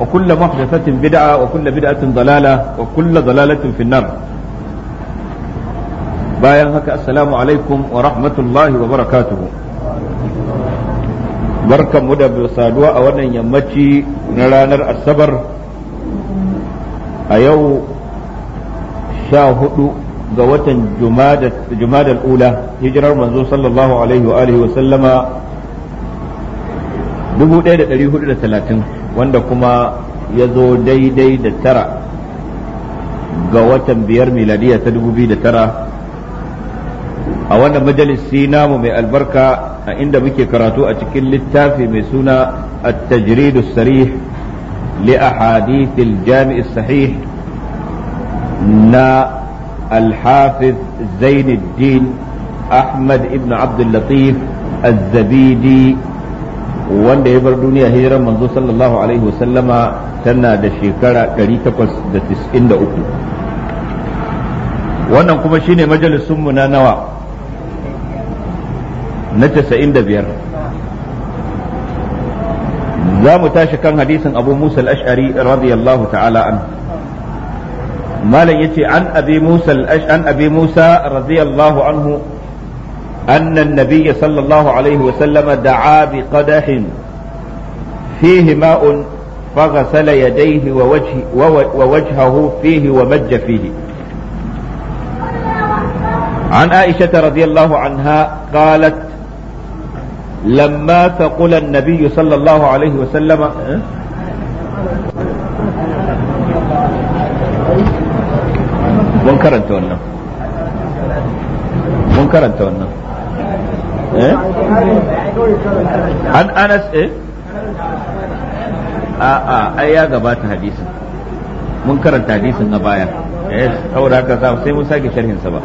وكل محدثة بدعة وكل بدعة ضلالة وكل ضلالة في النار bayan haka assalamu alaikum wa rahmatullahi wa barakatuhu barkanmu da saduwa a wannan yammaci na ranar asabar a yau sha hudu ga watan jumadal ula hijirar manzo sallallahu alaihi wa alihi wa sallama 1430 wanda kuma ya zo daidai da tara ga watan biyar miladiya ta dubu biyu da tara a wannan majalisi namu mai albarka a inda muke karatu a cikin littafi mai suna التجريد li ahadithil jamii الصحيح na الحافظ زين الدين أحمد ابن عبد اللطيف الزبيدي wanda ya bar duniya hijiran manzo sallallahu alaihi wasallama tana da shekara 893 wannan kuma shine majalisunmu na nawa na 95 za mu tashi kan hadisin abu musa al-ash'ari radiyallahu ta'ala an malam yace an abi musa Al-Ashari an abi musa radiyallahu anhu أن النبي صلى الله عليه وسلم دعا بقدح فيه ماء فغسل يديه ووجه ووجهه فيه ومج فيه عن عائشة رضي الله عنها قالت لما ثقل النبي صلى الله عليه وسلم منكرا تونا منكرا تونا إيه؟ عن أنس إيه؟ اه ai ya gabata hadisin mun karanta hadisin a baya eh saboda haka sai mun sake sharhin sa ba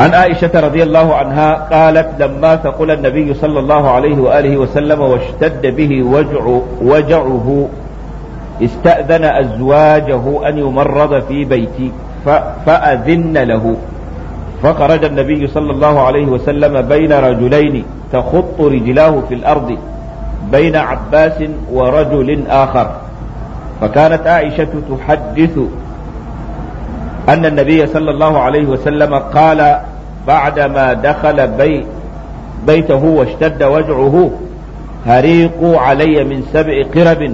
عن عائشة رضي الله عنها قالت لما ثقل النبي صلى الله عليه وآله وسلم واشتد به وجع وجعه استأذن أزواجه أن يمرض في بيتي فأذن له فخرج النبي صلى الله عليه وسلم بين رجلين تخط رجلاه في الأرض بين عباس ورجل آخر فكانت عائشة تحدث أن النبي صلى الله عليه وسلم قال بعدما دخل بي بيته واشتد وجعه هريقوا علي من سبع قرب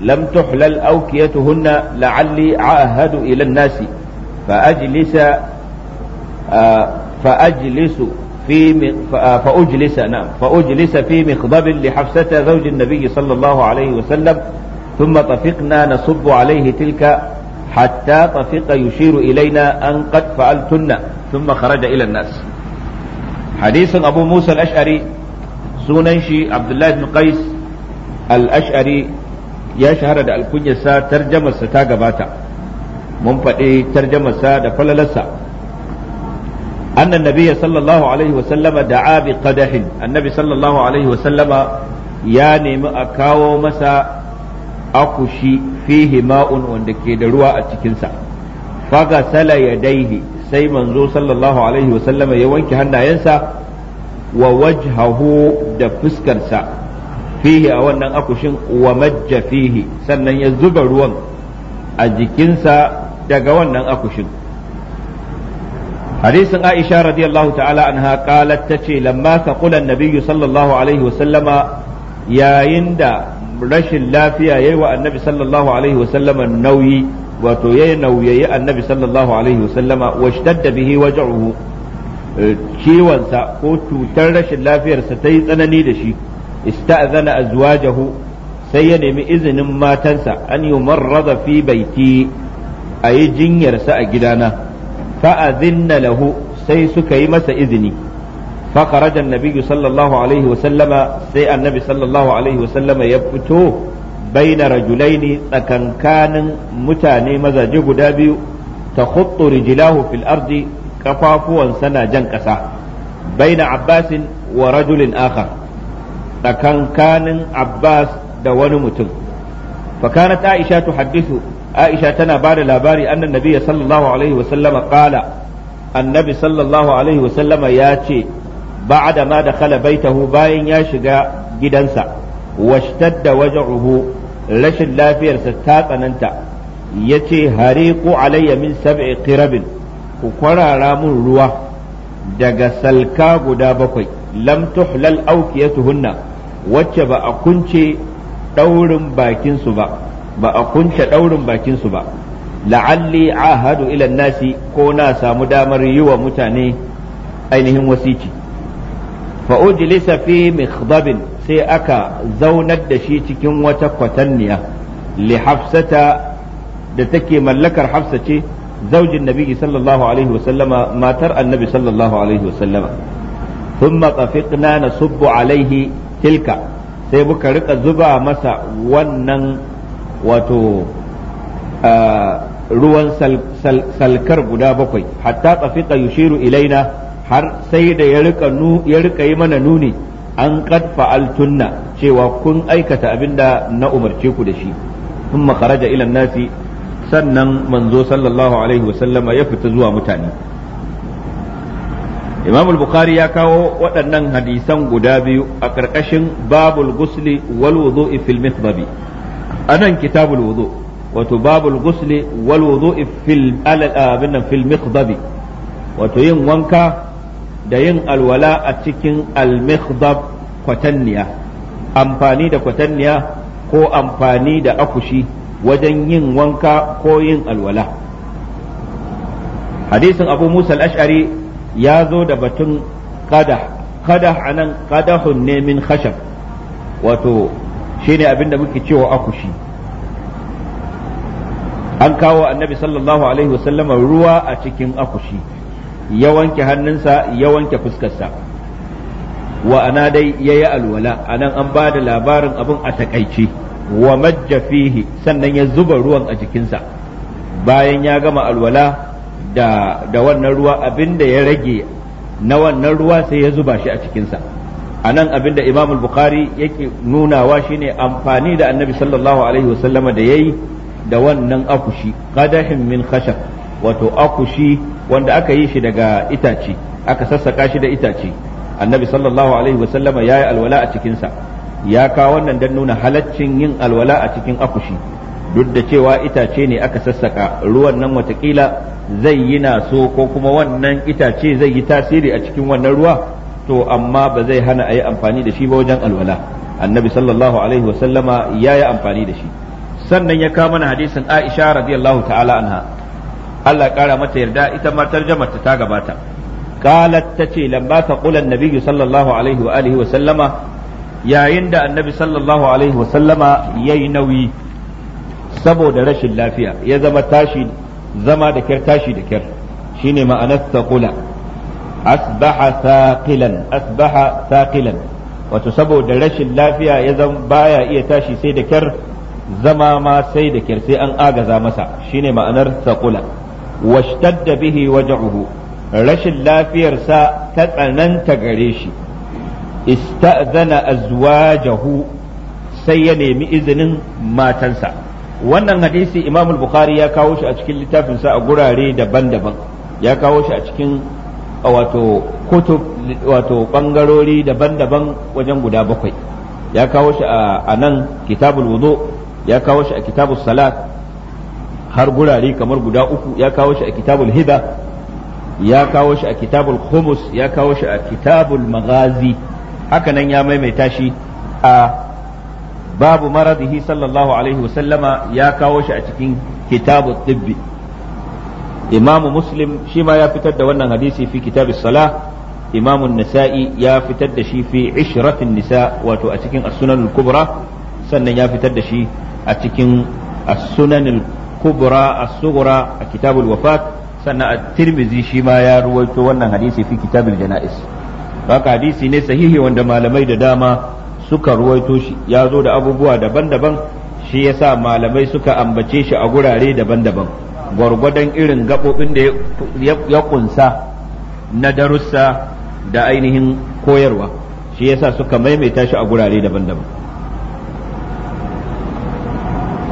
لم تحلل أوكيتهن لعلي أعهد إلى الناس فأجلس فأجلس في فأجلس نعم فأجلس في مخضب لحفصة زوج النبي صلى الله عليه وسلم ثم طفقنا نصب عليه تلك حتى طفق يشير إلينا أن قد فعلتن ثم خرج إلى الناس حديث أبو موسى الأشعري سننشي عبد الله بن قيس الأشعري ya shahara da alkunyarsa tarjamarsa ta gabata mun faɗi tarjamarsa da falalarsa أن النبي صلى الله عليه وسلم دعا بقدح النبي صلى الله عليه وسلم يا نيم أكاو مسا أكشي فيه ماء وندكي دروا أتكنسا فغسل يديه sai manzo sallallahu alaihi wasallam ya wanke hannayensa wa wajhahu da fuskarsa fihi a wannan akushin wa majja fihi sannan ya zuba ruwan a jikinsa daga wannan akushin hadisin aisha radiyallahu ta'ala anha qalat tace lamma taqula annabiyyu sallallahu alaihi yayin da rashin lafiya yayi wa annabi sallallahu nauyi wato yayi nauyayi annabi sallallahu alaihi wasallama washtadda bihi waj'uhu eh, ciwonsa ko cutar rashin lafiyarsa ta yi tsanani da shi ista'zana jahu sai ya nemi izinin matansa an yi marrada fi baiti a yi jinyarsa a gidana fa'azinna lahu sai suka yi masa izini فخرج النبي صلى الله عليه وسلم سي النبي صلى الله عليه وسلم يفتو بين رجلين أكن كان متاني مزاجي دابي تخط رجلاه في الأرض كفافوا سنة جنكسا بين عباس ورجل آخر أكن كان عباس دون متن فكانت عائشة تحدث aisha tana ba da labari annan nabiyya sallallahu alaihi wasallama qala annabi sallallahu alaihi wasallama ya ce ba'da ma dakhala baitahu bayan ya shiga gidansa da wajen rubu rashin lafiyarsa ta tsananta yace hariqu alayya min sab'i qirabin ku kwarara mun ruwa daga salka guda bakwai lam tuhlal awqiyatuhunna wacce ba a kunce daurin bakinsu ba ba a kunce daurin bakin su ba la'alli ahadu ila nasi ko na samu damar yi wa mutane ainihin wasiki fa ujlisa fi mikhdabin sai aka zaunar da shi cikin wata kwatanniya li hafsata da take mallakar hafsa ce zaujin nabi sallallahu alaihi wasallama matar annabi sallallahu alaihi wasallama thumma tafiqna nasubbu alaihi tilka sai muka rika zuba masa wannan wato ruwan salkar guda bakwai hatta tsafiqa yushiru ilaina har sai da ya rika yi mana nuni an qad fa'altunna cewa kun aikata abinda na umarce ku da shi thumma makaraja ila nasi sannan manzo sallallahu alaihi wasallama ya fita zuwa mutane imam al-bukhari ya kawo waɗannan hadisan guda biyu a ƙarƙashin babul gusli wal wudu'i fil mithbabi anan kitabul wudu wato babul ghusli wal wudu'i fil abin fil miqdab wato yin wanka da yin alwala a cikin al miqdab kwatanniya amfani da kwatanniya ko amfani da akushi wajen yin wanka ko yin alwala hadisin abu musa al-ash'ari ya zo da batun qadah qadah anan qadahun ne min khashab wato shine abin da muke cewa akushi an kawo annabi sallallahu alaihi wasallam ruwa a cikin akushi ya wanke hannunsa ya wanke fuskarsa wa ana dai ya yi alwala anan an ba da labarin abin a takaici wa majja fihi sannan ya zuba ruwan a jikinsa bayan ya gama alwala da, da wannan ruwa abin da ya rage na wannan ruwa sai ya zuba shi a cikinsa a nan abinda imam bukhari yake nunawa shine amfani da annabi sallallahu alaihi wasallama da yayi da wannan akushi qadahin min khashab wato akushi wanda aka yi shi daga itace aka sassaka shi da itace annabi sallallahu alaihi wasallama ya yi alwala a cikinsa ya kawo wannan don nuna halaccin yin alwala a cikin akushi duk da cewa itace ne aka sassaka ruwan nan watakila zai yi naso ko kuma wannan itace zai yi tasiri a cikin wannan ruwa to amma ba zai hana a yi amfani da shi ba wajen alwala annabi sallallahu alaihi wasallama ya yi amfani da shi sannan ya kama mana hadisin aisha radiyallahu ta'ala anha Allah kara mata yarda ita ma tarjamar ta gabata qalat tace lamma taqula annabi sallallahu alaihi wa alihi wa sallama yayin da annabi sallallahu alaihi wa sallama yayi nauyi saboda rashin lafiya ya zama tashi zama da kyar tashi da kyar shine ma'anar taqula asbaha saqilan asbaha saqilan wato saboda rashin lafiya ya zan baya iya tashi sai da kyar zama ma sai da kyar sai an agaza masa shine ma'anar saqula washtadda bihi waj'uhu rashin lafiyarsa ta tsananta gare shi ista'zana jahu sai ya nemi izinin matansa wannan hadisi imam bukhari ya kawo shi a cikin littafinsa a gurare daban-daban ya kawo shi a cikin wato kutub wato bangarori daban-daban wajen guda bakwai ya kawo shi a nan kitabul wudu ya kawo shi a kitabul salat har gurare kamar guda uku ya kawo shi a kitabul hida ya kawo shi a kitabul khumus ya kawo shi a kitabul magazi haka nan ya maimaita shi a babu maradihi sallallahu alaihi wasallama ya kawo shi a cikin kitabul tibbi imamu muslim shi ma ya fitar da wannan hadisi fi kitabis salah imamu nasa'i ya fitar da shi fi ishratin nisa wato a cikin as-sunan al-kubra sannan ya fitar da shi a cikin as-sunan al-kubra as-sughra a kitabul wafat sannan at-tirmidhi shi ma ya ruwaito wannan hadisi fi kitabil jana'is haka hadisi ne sahihi wanda malamai da dama suka ruwaito shi ya zo da abubuwa daban-daban shi yasa malamai suka ambace shi a gurare daban-daban gwargwadon irin gaɓoɓin da ya kunsa na darussa da ainihin koyarwa shi yasa suka maimaita shi a gurare daban-daban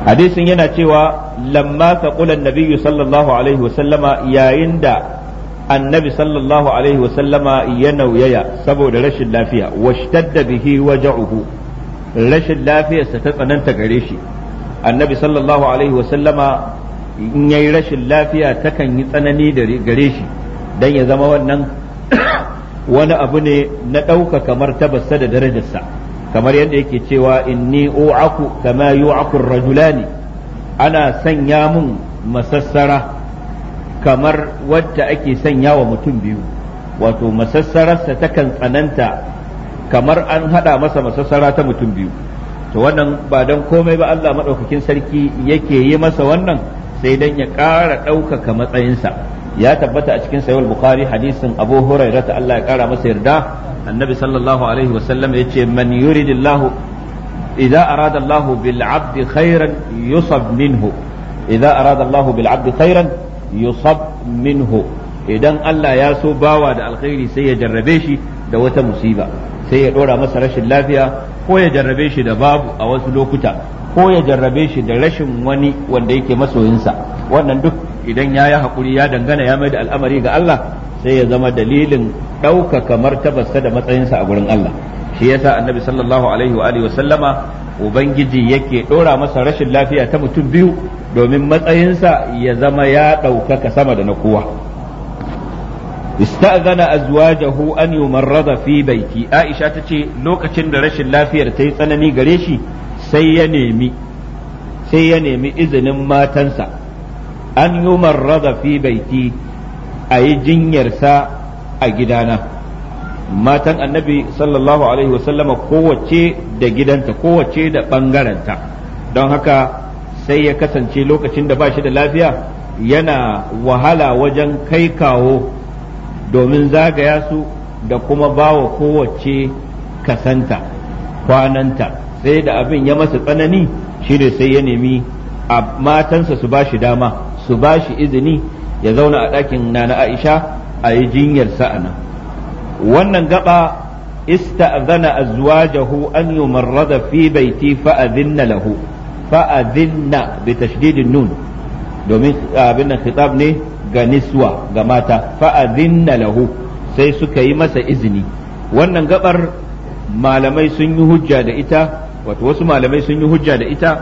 hadisin yana cewa lamma saqulan nabiyyu sallallahu alaihi wasallama yayin da annabi sallallahu alaihi wasallama ya nauyaya saboda rashin lafiya washtadda bihi waja'uhu rashin lafiyarsa ta tsananta gare shi annabi sallallahu alaihi wasallama in yayi rashin lafiya takan yi tsanani da gare shi dan ya zama wannan wani abu ne na ɗauka kamar tabassa da darajarsa kamar yadda yake cewa inni u'aku kama yu'aku rajulani ana sanya mun masassara kamar wadda ake sanya wa mutum biyu wato masassararsa takan tsananta kamar an haɗa masa masassara ta mutum biyu to wannan ba don komai ba Allah maɗaukakin sarki yake yi masa wannan sai dan ya ƙara ɗaukaka matsayinsa ya tabbata a cikin sayar bukhari hadisin abu huraira ta Allah ya ƙara masa yarda annabi sallallahu alaihi wasallam ya ce man yuridillahu idza arada Allah bil abdi khairan yusab minhu idza arada Allah bil abdi khairan yusab minhu idan Allah ya so bawa da alkhairi sai ya jarrabe shi da wata musiba sai ya ɗora masa rashin lafiya ko ya jarrabe shi da babu a wasu lokuta ko ya jarrabe shi da rashin wani wanda yake masoyinsa wannan duk idan ya yi haƙuri ya dangana ya mai da al'amari ga Allah sai ya zama dalilin ɗaukaka martabarsa da matsayinsa a gurin Allah shi yasa annabi sallallahu alaihi wa alihi sallama ubangiji yake ɗora masa rashin lafiya ta mutum biyu domin matsayinsa ya zama ya ɗaukaka sama da na kowa ista'zana azwajahu an yumarrada fi baiti Aisha tace lokacin da rashin lafiyar ta yi tsanani gare shi sai ya nemi sai ya nemi izinin matansa an yumarrada fi baiti a yi jinyarsa a gidana matan annabi sallallahu alaihi wasallama kowace da gidanta kowace da ɓangarenta don haka sai ya kasance lokacin da ba shi da lafiya yana wahala wajen kai kawo domin zagaya su da kuma bawa kowace kasanta kwananta sai da abin ya masa tsanani shine sai ya nemi a matansa su bashi dama su bashi izini ya zauna a ɗakin nana aisha a yi jinyar sa'ana wannan gaba ista'zana azwajahu an yumarrada fi baiti fa'adhinna lahu fa'adhinna bi tashdidin nun domin abin nan khitab ne ga niswa ga mata fa'adhinna lahu sai suka yi masa izini wannan gabar malamai sun yi hujja da ita wato wasu malamai sun yi hujja da ita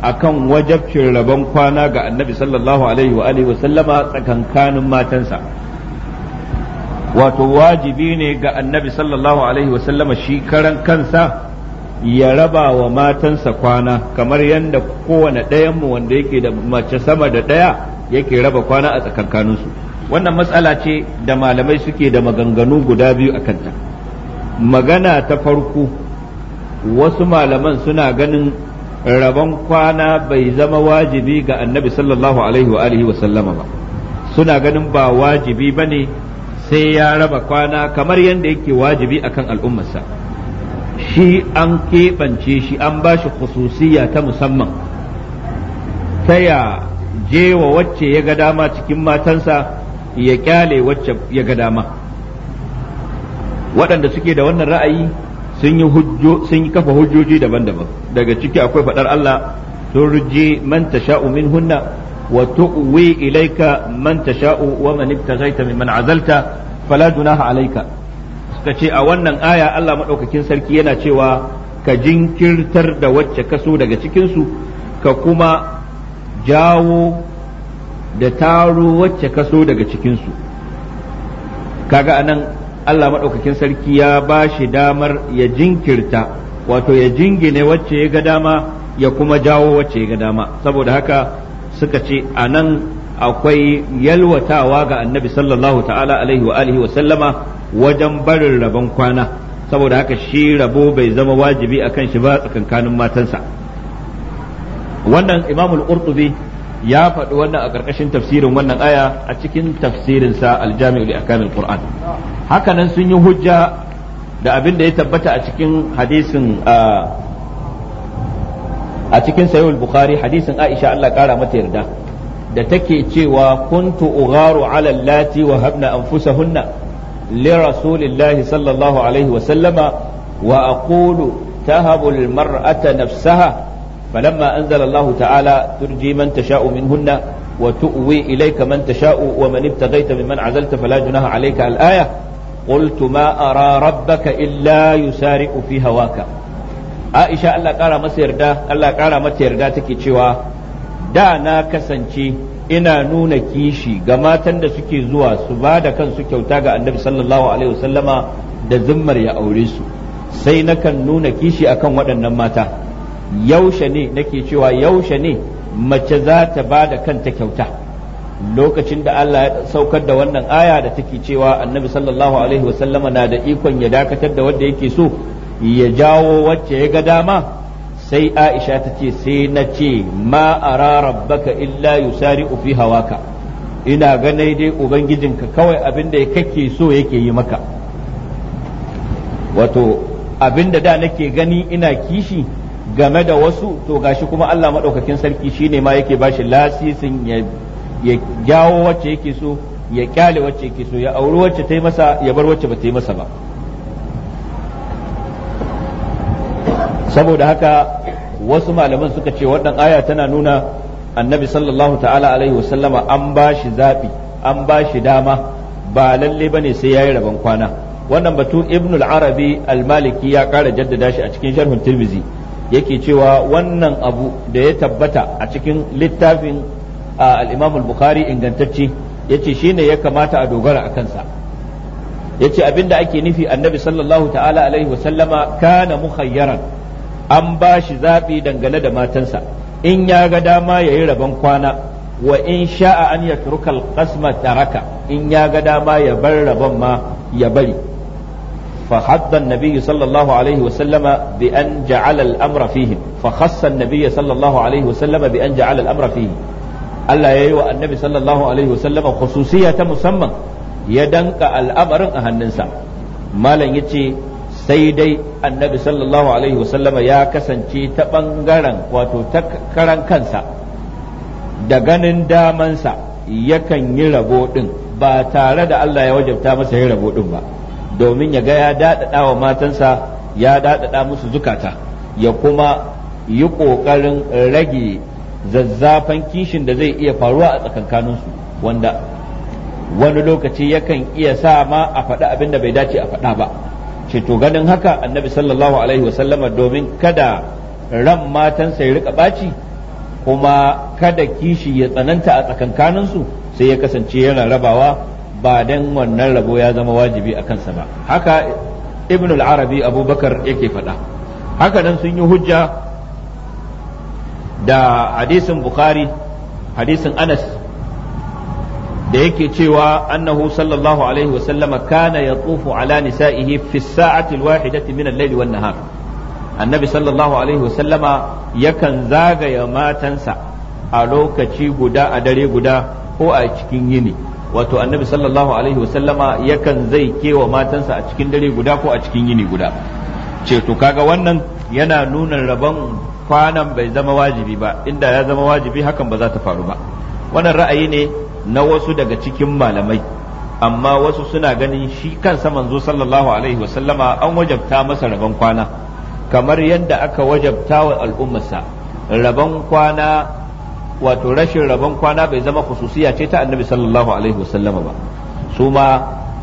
akan wajabcin rabon kwana ga annabi sallallahu alaihi wa alihi sallama tsakankanin matansa wato wajibi ne ga annabi sallallahu alaihi wa sallama shi karan kansa ya raba wa matansa kwana kamar yadda kowane ɗayanmu wanda yake da mace sama da ɗaya yake raba kwana a tsakankaninsu wannan matsala ce da malamai suke da maganganu guda biyu a kanta magana ta farko wasu malaman suna ganin rabon kwana bai zama wajibi ga annabi sallallahu alaihi wa alihi wa sallama ba suna ganin ba wajibi ba ne sai ya raba kwana kamar yadda yake wajibi akan al'ummarsa shi an keɓance shi an ba shi ta musamman taya. je wa wacce ya ga dama cikin matansa ya kyale wacce ya ga dama waɗanda suke da wannan ra'ayi sun yi sun yi kafa hujjoji daban-daban daga ciki akwai faɗar Allah turji man tasha'u minhunna wa tu'wi ilayka man tasha'u wa man ibtaghaita mimman azalta fala junaha alayka suka ce a wannan aya Allah madaukakin sarki yana cewa ka jinkirtar da wacce ka so daga cikin su ka kuma jawo da taro wacce kaso daga cikinsu kaga anan Allah maɗaukakin sarki ya ba shi damar ya jinkirta wato ya jingine wacce ya ga dama ya kuma jawo wacce ya ga dama saboda haka suka ce anan akwai yalwatawa ga annabi sallallahu ta'ala alaihi wa alihi wa sallama wajen barin rabon kwana saboda haka shi rabo bai zama wajibi akan shi ba tsakanin matansa wannan imamul qurtubi ya faɗi wannan a ƙarƙashin tafsirin wannan aya a cikin tafsirin sa aljami'u li akamil qur'an haka nan sun yi hujja da abin da ya tabbata a cikin hadisin a cikin sahihul bukhari hadisin aisha Allah kara mata yarda da take cewa kuntu ugharu ala lati wa habna anfusahunna li rasulillahi sallallahu alaihi wa sallama wa aqulu tahabu al mar'ata nafsaha فلما أنزل الله تعالى ترجي من تشاء منهن وتؤوي إليك من تشاء ومن ابتغيت ممن عزلت فلا جناح عليك الآية قلت ما أرى ربك إلا يسارع في هواك عائشة الله قال ما سيردا الله قال ما تيردا تكي تشوا دا نا كسنشي ina nuna kishi ga matan da suke zuwa su ba da kansu kyauta ga annabi sallallahu alaihi wasallama da zimmar ya aure su sai nakan nuna kishi akan waɗannan mata yaushe ne nake cewa yaushe ne mace za ta ba da kanta kyauta lokacin da Allah ya saukar da wannan aya da take cewa annabi sallallahu alaihi wasallama na da ikon ya dakatar da wanda yake so ya jawo wacce ya ga dama sai aisha ta ce sai na ce ma ara rabbaka illa yusari'u fi hawaka ina ganai dai ubangijinka kawai abin da kake so yake yi maka wato abin da da nake gani ina kishi game da wasu to gashi kuma Allah maɗaukakin sarki shine ma yake bashi lasisin ya jawo wacce yake so ya kyale wacce yake so ya auri wacce ta yi masa ya bar wacce ba ta yi masa ba saboda haka wasu malaman suka ce wannan aya tana nuna annabi sallallahu ta'ala alaihi wasallama an ba shi zaɓi an ba shi dama ba lalle ba ne sai ya yi rabon kwana wannan batun ibnul arabi al-maliki ya ƙara jaddada shi a cikin sharhun tirmizi yake cewa wannan abu da ya tabbata a cikin littafin al-Imam al-Bukhari ingantacce yace shine ya kamata a dogara a kansa yace abinda ake nufi annabi sallallahu ta'ala alaihi wasallama kana mukhayyaran an ba shi zaɓi dangane da matansa in ya ga dama ya yi rabon kwana wa in sha'a an ya turkal qasma taraka in ya ga dama ya bar rabon ma ya bari فحث النبي صلى الله عليه وسلم بأن جعل الأمر فيهم فخص النبي صلى الله عليه وسلم بأن جعل الأمر فيه ألا يأيوى النبي صلى الله عليه وسلم خصوصية مسمى يدنك الأمر أهننسا ما لن يتي سيدي النبي صلى الله عليه وسلم يا كسنتي تبنغرن وتتكرن كنسا دغنن دامنسا yakan yi rabo ɗin ba tare da Allah ya wajabta masa yin rabo ɗin ba domin ya ga ya daɗaɗa wa matansa ya daɗaɗa musu zukata ya kuma yi ƙoƙarin rage zazzafan kishin da zai iya faruwa a tsakankaninsu wanda wani lokaci yakan iya sa ma a faɗi abin da bai dace a faɗa ba ce ganin haka annabi sallallahu alaihi wasallama domin kada ran matansa ya rika ɓaci kuma kada kishi ya tsananta a tsakankaninsu sai ya kasance yana rabawa ba dan wannan rabo ya zama wajibi a kansa ba haka ibn al-arabi abubakar yake faɗa haka nan sun yi hujja da hadisin bukhari hadisin anas da yake cewa annahu sallallahu alaihi wasallama kana yatufu ala nisa'ihi fi sa'ati al-wahidati min al-layli wan nahar annabi sallallahu alaihi wasallama yakan zagaya matansa a lokaci guda a dare guda ko a cikin yini wato annabi sallallahu alaihi wasallama yakan zai kewa matansa a cikin dare guda ko a cikin yini guda ce to kaga wannan yana nuna rabon kwanan bai zama wajibi ba inda ya zama wajibi hakan ba za ta faru ba wannan ra'ayi ne na wasu daga cikin malamai amma wasu suna ganin shi kansa manzo sallallahu alaihi wasallama an wajabta masa rabon kwana kamar yadda aka wajabta wa al'ummarsa rabon kwana wato rashin rabon kwana bai zama khususiya ce ta annabi sallallahu alaihi wasallam ba su ma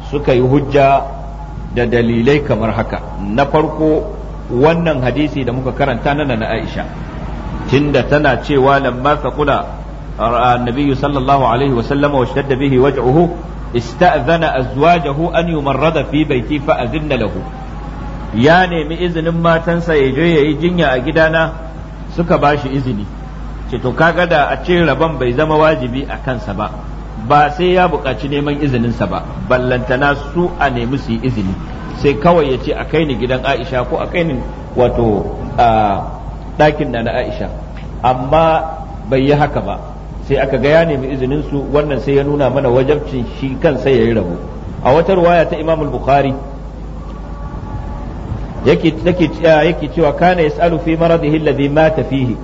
suka yi hujja da dalilai kamar haka na farko wannan hadisi da muka karanta nan na Aisha tunda tana cewa lamma saqula النبي صلى الله عليه وسلم واشتد به وجعه استأذن an أن يمرض في بيتي فأذن له ya nemi izinin matansa ya je ya yi jinya a gidana suka bashi izini ce to kaga da a ce rabon bai zama wajibi a kansa ba ba sai ya buƙaci neman izininsa ba ballantana su a nemi su izini sai kawai ya ce a kai ni gidan aisha ko a kai ni wato ɗakin na na aisha amma bai yi haka ba sai aka ga ya nemi izinin su wannan sai ya nuna mana wajabcin shi kansa ya yi rabo a wata ruwaya ta imam bukhari yake yake cewa kana yasalu fi maradihi alladhi mata fihi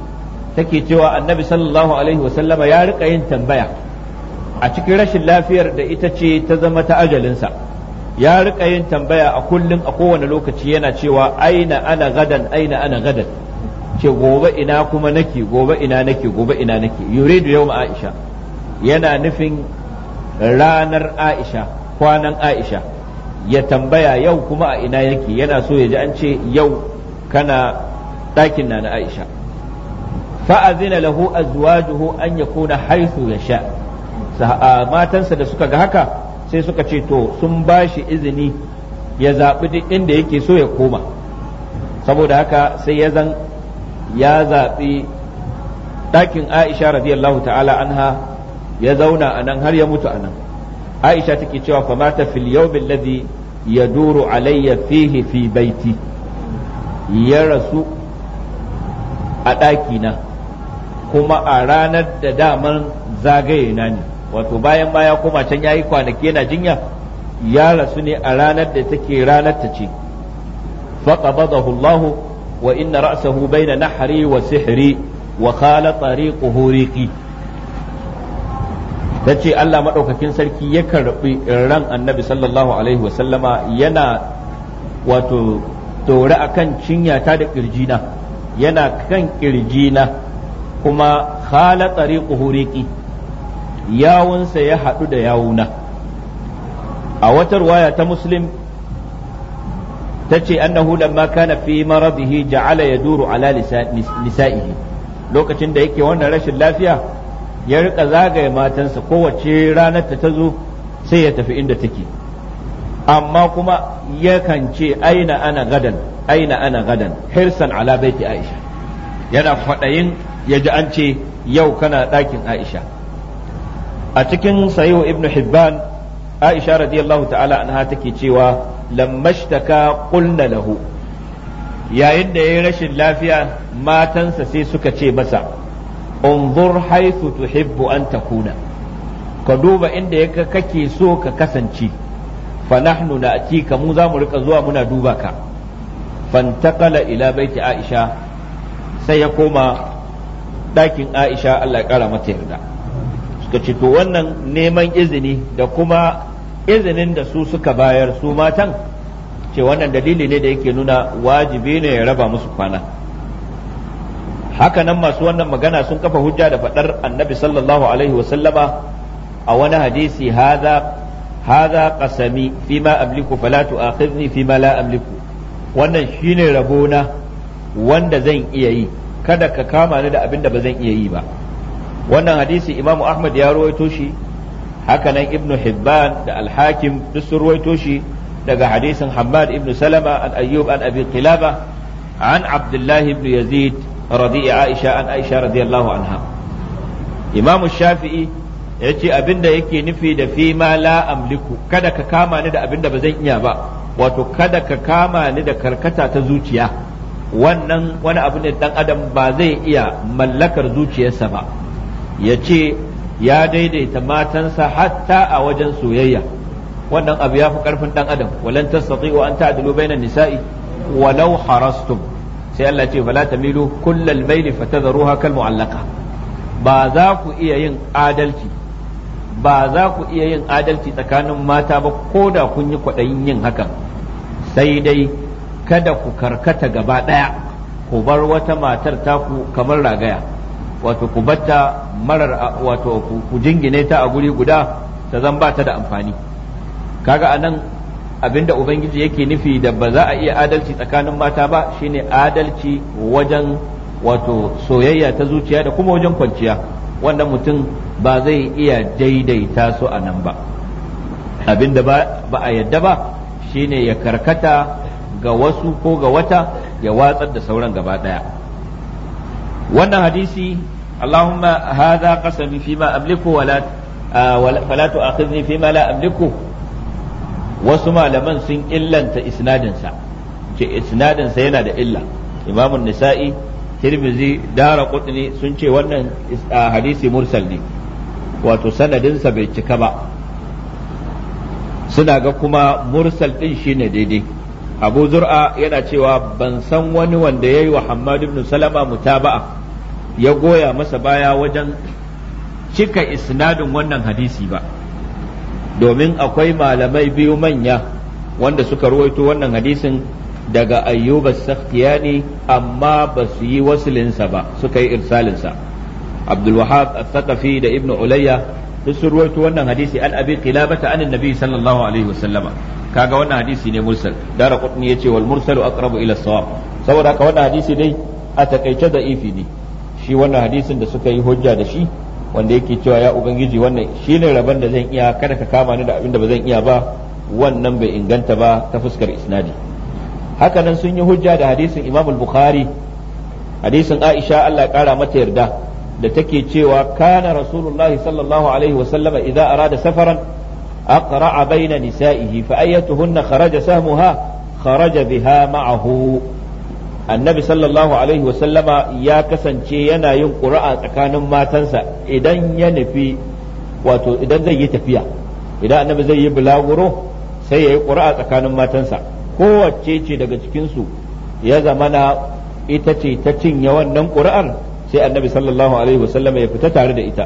take cewa annabi sallallahu alaihi ya rika yin tambaya a cikin rashin lafiyar da ita ce ta zama ta ajalinsa ya rika yin tambaya a kullum a kowane lokaci yana cewa aina ana gadan aina ana gadan ce gobe ina kuma nake gobe ina nake gobe ina nake yuridu yau aisha yana nufin ranar aisha kwanan aisha ya tambaya yau kuma a ina yake yana so ya ji an ce yau kana ɗakin na na aisha fa'azina lahu azwajuhu an yakuna haythu yasha matansa da suka ga haka sai suka ce to sun ba shi izini ya zaɓi duk inda yake so ya koma saboda haka sai ya zan ya zaɓi ɗakin aisha radiyallahu ta'ala anha ya zauna a nan har ya mutu a nan aisha take cewa fa mata fil yawmin ladhi yaduru alayya fihi fi baiti ya rasu a ɗakina kuma a ranar da daman zagaye na ne wato bayan baya kuma can ya yayi kwanaki yana jinya ya rasu ne a ranar da take ranar ta ce faqabadahu Allah wa inna ra'sahu baina nahri wa sihri wa khala tariquhu riqi tace Allah madaukakin sarki ya karbi ran annabi sallallahu alaihi wa sallama yana wato dore akan cinya ta da kirjina yana kan kirjina kuma khala tariquhu yawunsa ya haɗu da yawuna a wata ruwaya ta muslim tace annahu lamma kana fi maradihi ja'ala duru ala nisa'ihi lokacin da yake wannan rashin lafiya ya rika zagaye matansa kowace ranar ta zo sai ya tafi inda take amma kuma yakan ce aina ana gadan aina ana gadan hirsan ala baiti aisha yana kwaɗayin ya ji an ce yau kana ɗakin aisha a cikin sayo ibnu hibban aisha radiyallahu ta'ala anha take cewa lammashtaka qulna lahu yayin da yayi rashin lafiya matansa sai suka ce masa unzur haythu tuhibbu an takuna ka duba inda yaka kake so ka kasance fa nahnu na'tika mu za mu rika zuwa muna duba ka fantakala ila baiti aisha sai ya koma ɗakin aisha Allah ya ƙara mata yarda suka ce to wannan neman izini da kuma izinin da su suka bayar su matan ce wannan dalili ne da yake nuna wajibi ne ya raba musu kwana hakanan masu wannan magana sun kafa hujja da faɗar annabi sallallahu alaihi wasallama a wani hadisi haza haza qasami fima amliku fala tu'akhidni fima la amliku wannan shine rabona wanda zan iya yi kada ka kama ni da abin da ba zan iya yi ba wannan hadisi imamu ahmad ya ruwaito shi hakanan ibnu hibban da alhakim duk sun ruwaito shi daga hadisin hamad ibnu salama an ayyub an abi qilaba an abdullahi Ibn yazid radiya aisha an aisha radiyallahu anha imamu shafi'i ya ce abinda yake nufi da fi ma la amliku kada ka kama ni da abinda ba zan iya ba wato kada ka kama ni da karkata ta zuciya wannan wani abu ne dan adam ba zai iya mallakar zuciyarsa ba ya ce ya daidaita matansa hatta a wajen soyayya wannan abu ya fi karfin dan adam walan tastati'u an ta'dilu bainan nisa'i walau harastum sai Allah ce fala tamilu kullal maili fatadharuha kal mu'allaqa ba za ku iya yin adalci ba za ku iya yin adalci tsakanin mata ba ko da kun yi kwaɗayin yin hakan sai dai kada ku karkata gaba ɗaya ku bar wata matar taku kamar ragaya wato ku batta marar wato ku jingine ta a guri guda ta zan ba ta da amfani kaga anan abinda ubangiji yake nufi da ba za a iya adalci tsakanin mata ba shine adalci wajen wato soyayya ta zuciya da kuma wajen kwanciya wanda mutum ba zai iya daidaita su a nan ba abinda ba a yadda ba shine ya karkata ga wasu ko ga wata ya watsar da sauran gaba ɗaya wannan hadisi Allahumma hadha qasami fima amliku wala fala fi ma la amliku wasu malaman sun illanta isnadinsa ce isnadinsa yana da illa imamun nisa'i tirmizi dara kutni sun ce wannan hadisi mursal ne wato sanadinsa bai cika ba suna ga kuma mursal din shine daidai abu zur'a yana cewa ban san wani wanda ya yi wa hammad ibn salama mutaba'a ya goya masa baya wajen cika isnadin wannan hadisi ba domin akwai malamai biyu manya wanda suka ruwaito wannan hadisin daga ayyuba ne amma ba su yi wasilinsa ba suka yi irsalinsa abdulwahab al-thaqafi da ibn ulayya duk sun ruwaito wannan hadisi an abi qilabata anin nabi sallallahu alaihi wasallama kaga wannan hadisi ne mursal dara qutni yace wal mursalu aqrabu ila sawab saboda haka wannan hadisi dai a takaice da ifi ne shi wannan hadisin da suka yi hujja da shi wanda yake cewa ya ubangiji wannan shine rabon da zan iya kada ka kama ni da abinda da ba zan iya ba wannan bai inganta ba ta fuskar isnadi hakanan sun yi hujja da hadisin imamul bukhari hadisin aisha Allah ya kara mata yarda da take cewa kana rasulullahi sallallahu alaihi wa sallama idza arada safaran aqra'a baina nisa'ihi fa ayyatuhunna kharaja sahmuha kharaja biha ma'ahu annabi sallallahu alaihi wa sallama ya kasance yana yin qura'a tsakanin matansa idan ya nufi wato idan zai yi tafiya idan annabi zai yi bulaguro sai ya yi qura'a tsakanin matansa kowace ce daga cikinsu ya zamana ita ce ta cinye wannan qura'ar sai annabi sallallahu alaihi wasallam ya fita tare da ita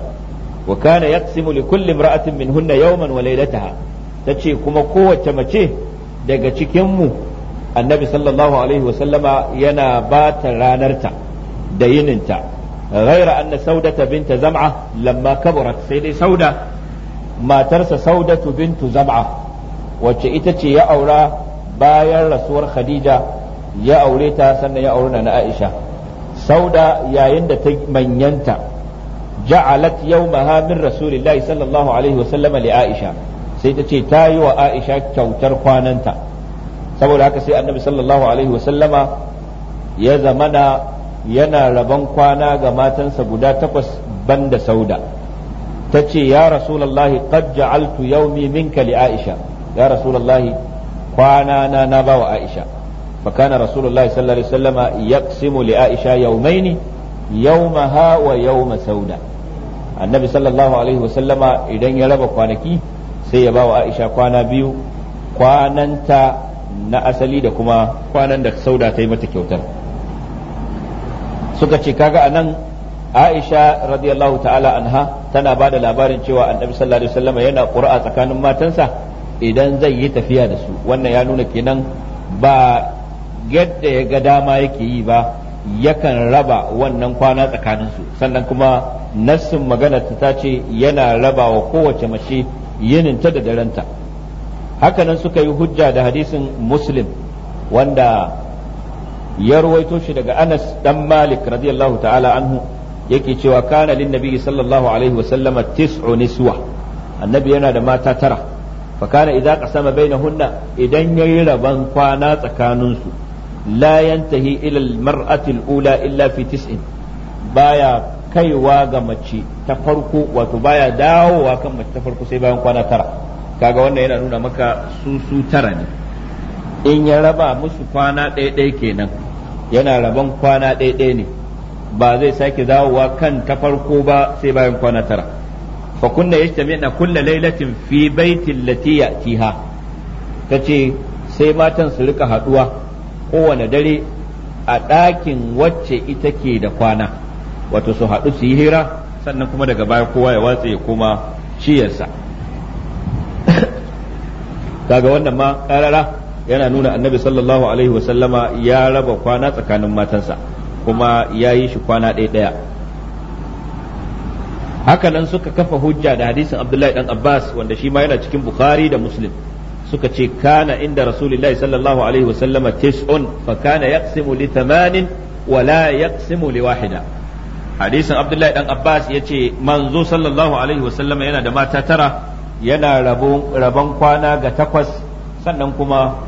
wakana kana yaqsimu li kulli imra'atin yawman wa laylataha tace kuma kowace mace daga cikin mu annabi sallallahu alaihi wasallama yana ba ta ranarta da yininta ghaira anna saudata binta zam'a lamma kabarat sai dai sauda matarsa saudatu bintu zam'a wacce ita ce ya aura bayan rasuwar khadija ya aure ta sannan ya aure na aisha sauda yayin da ta manyanta ja'alat yawmaha min rasulillahi sallallahu alaihi wasallam li aisha sai ta ce ta yi wa aisha kyautar kwananta saboda haka sai annabi sallallahu alaihi sallama ya zamana yana rabon kwana ga matansa guda takwas banda sauda ta ce ya rasulallahi qad ja'altu yawmi minka li aisha ya rasulallahi kwana na na ba wa aisha فكان رسول الله صلى الله عليه وسلم يقسم لعائشة يومين يومها ويوم سوداء النبي صلى الله عليه وسلم إذن يلبى كوانكي سيبا وعائشة كوانا بيو kwananta na asali da kuma kwanan da sauda ta yi mata kyautar suka ce kaga anan aisha radiyallahu ta'ala anha tana ba da labarin cewa annabi sallallahu alaihi wasallam yana ƙura'a tsakanin matansa idan zai yi tafiya da su wannan ya nuna kenan ba yadda ya ga dama yake yi ba yakan raba wannan kwana tsakaninsu sannan kuma nassin magana ta ce yana raba wa kowace mace yininta da darenta hakanan suka yi hujja da hadisin muslim wanda ya ruwaito shi daga anas dan malik radiyallahu ta'ala anhu yake cewa kana lin nabi sallallahu alaihi wa sallama tis'u niswa annabi yana da mata tara fa kana idza qasama bainahunna idan yayi raban kwana tsakaninsu Layan yantahi ila al-mar'ati ula illa fi tis'in baya kaiwa ga mace ta farko wato baya dawowa kan mace ta farko sai bayan kwana tara kaga wannan yana nuna maka su su tara ne in ya raba musu kwana ɗaya kenan yana raban kwana ɗaya ne ba zai sake dawowa kan ta farko ba sai bayan kwana tara fa kunna yajtami'na kulla Laylatin fi baitin lati ya'tiha tace sai matan su rika haduwa kowane dare a ɗakin wacce ita ke da kwana wato su haɗu su yi hira sannan kuma daga baya kowa ya watse ya koma ciyarsa kaga wannan ma ƙarara yana nuna annabi sallallahu alaihi wasallama ya raba kwana tsakanin matansa kuma ya yi shi kwana ɗaya ɗaya hakanan suka kafa hujja da hadisin abdullahi dan abbas wanda shi ma yana cikin bukhari da muslim suka ce kana inda rasulullahi sallallahu alaihi wasallama tis'un fa kana yaqsimu li thamanin wa la yaqsimu li wahida hadisin abdullahi dan abbas yace manzo sallallahu alaihi wasallama yana da mata tara yana rabon kwana ga takwas sannan kuma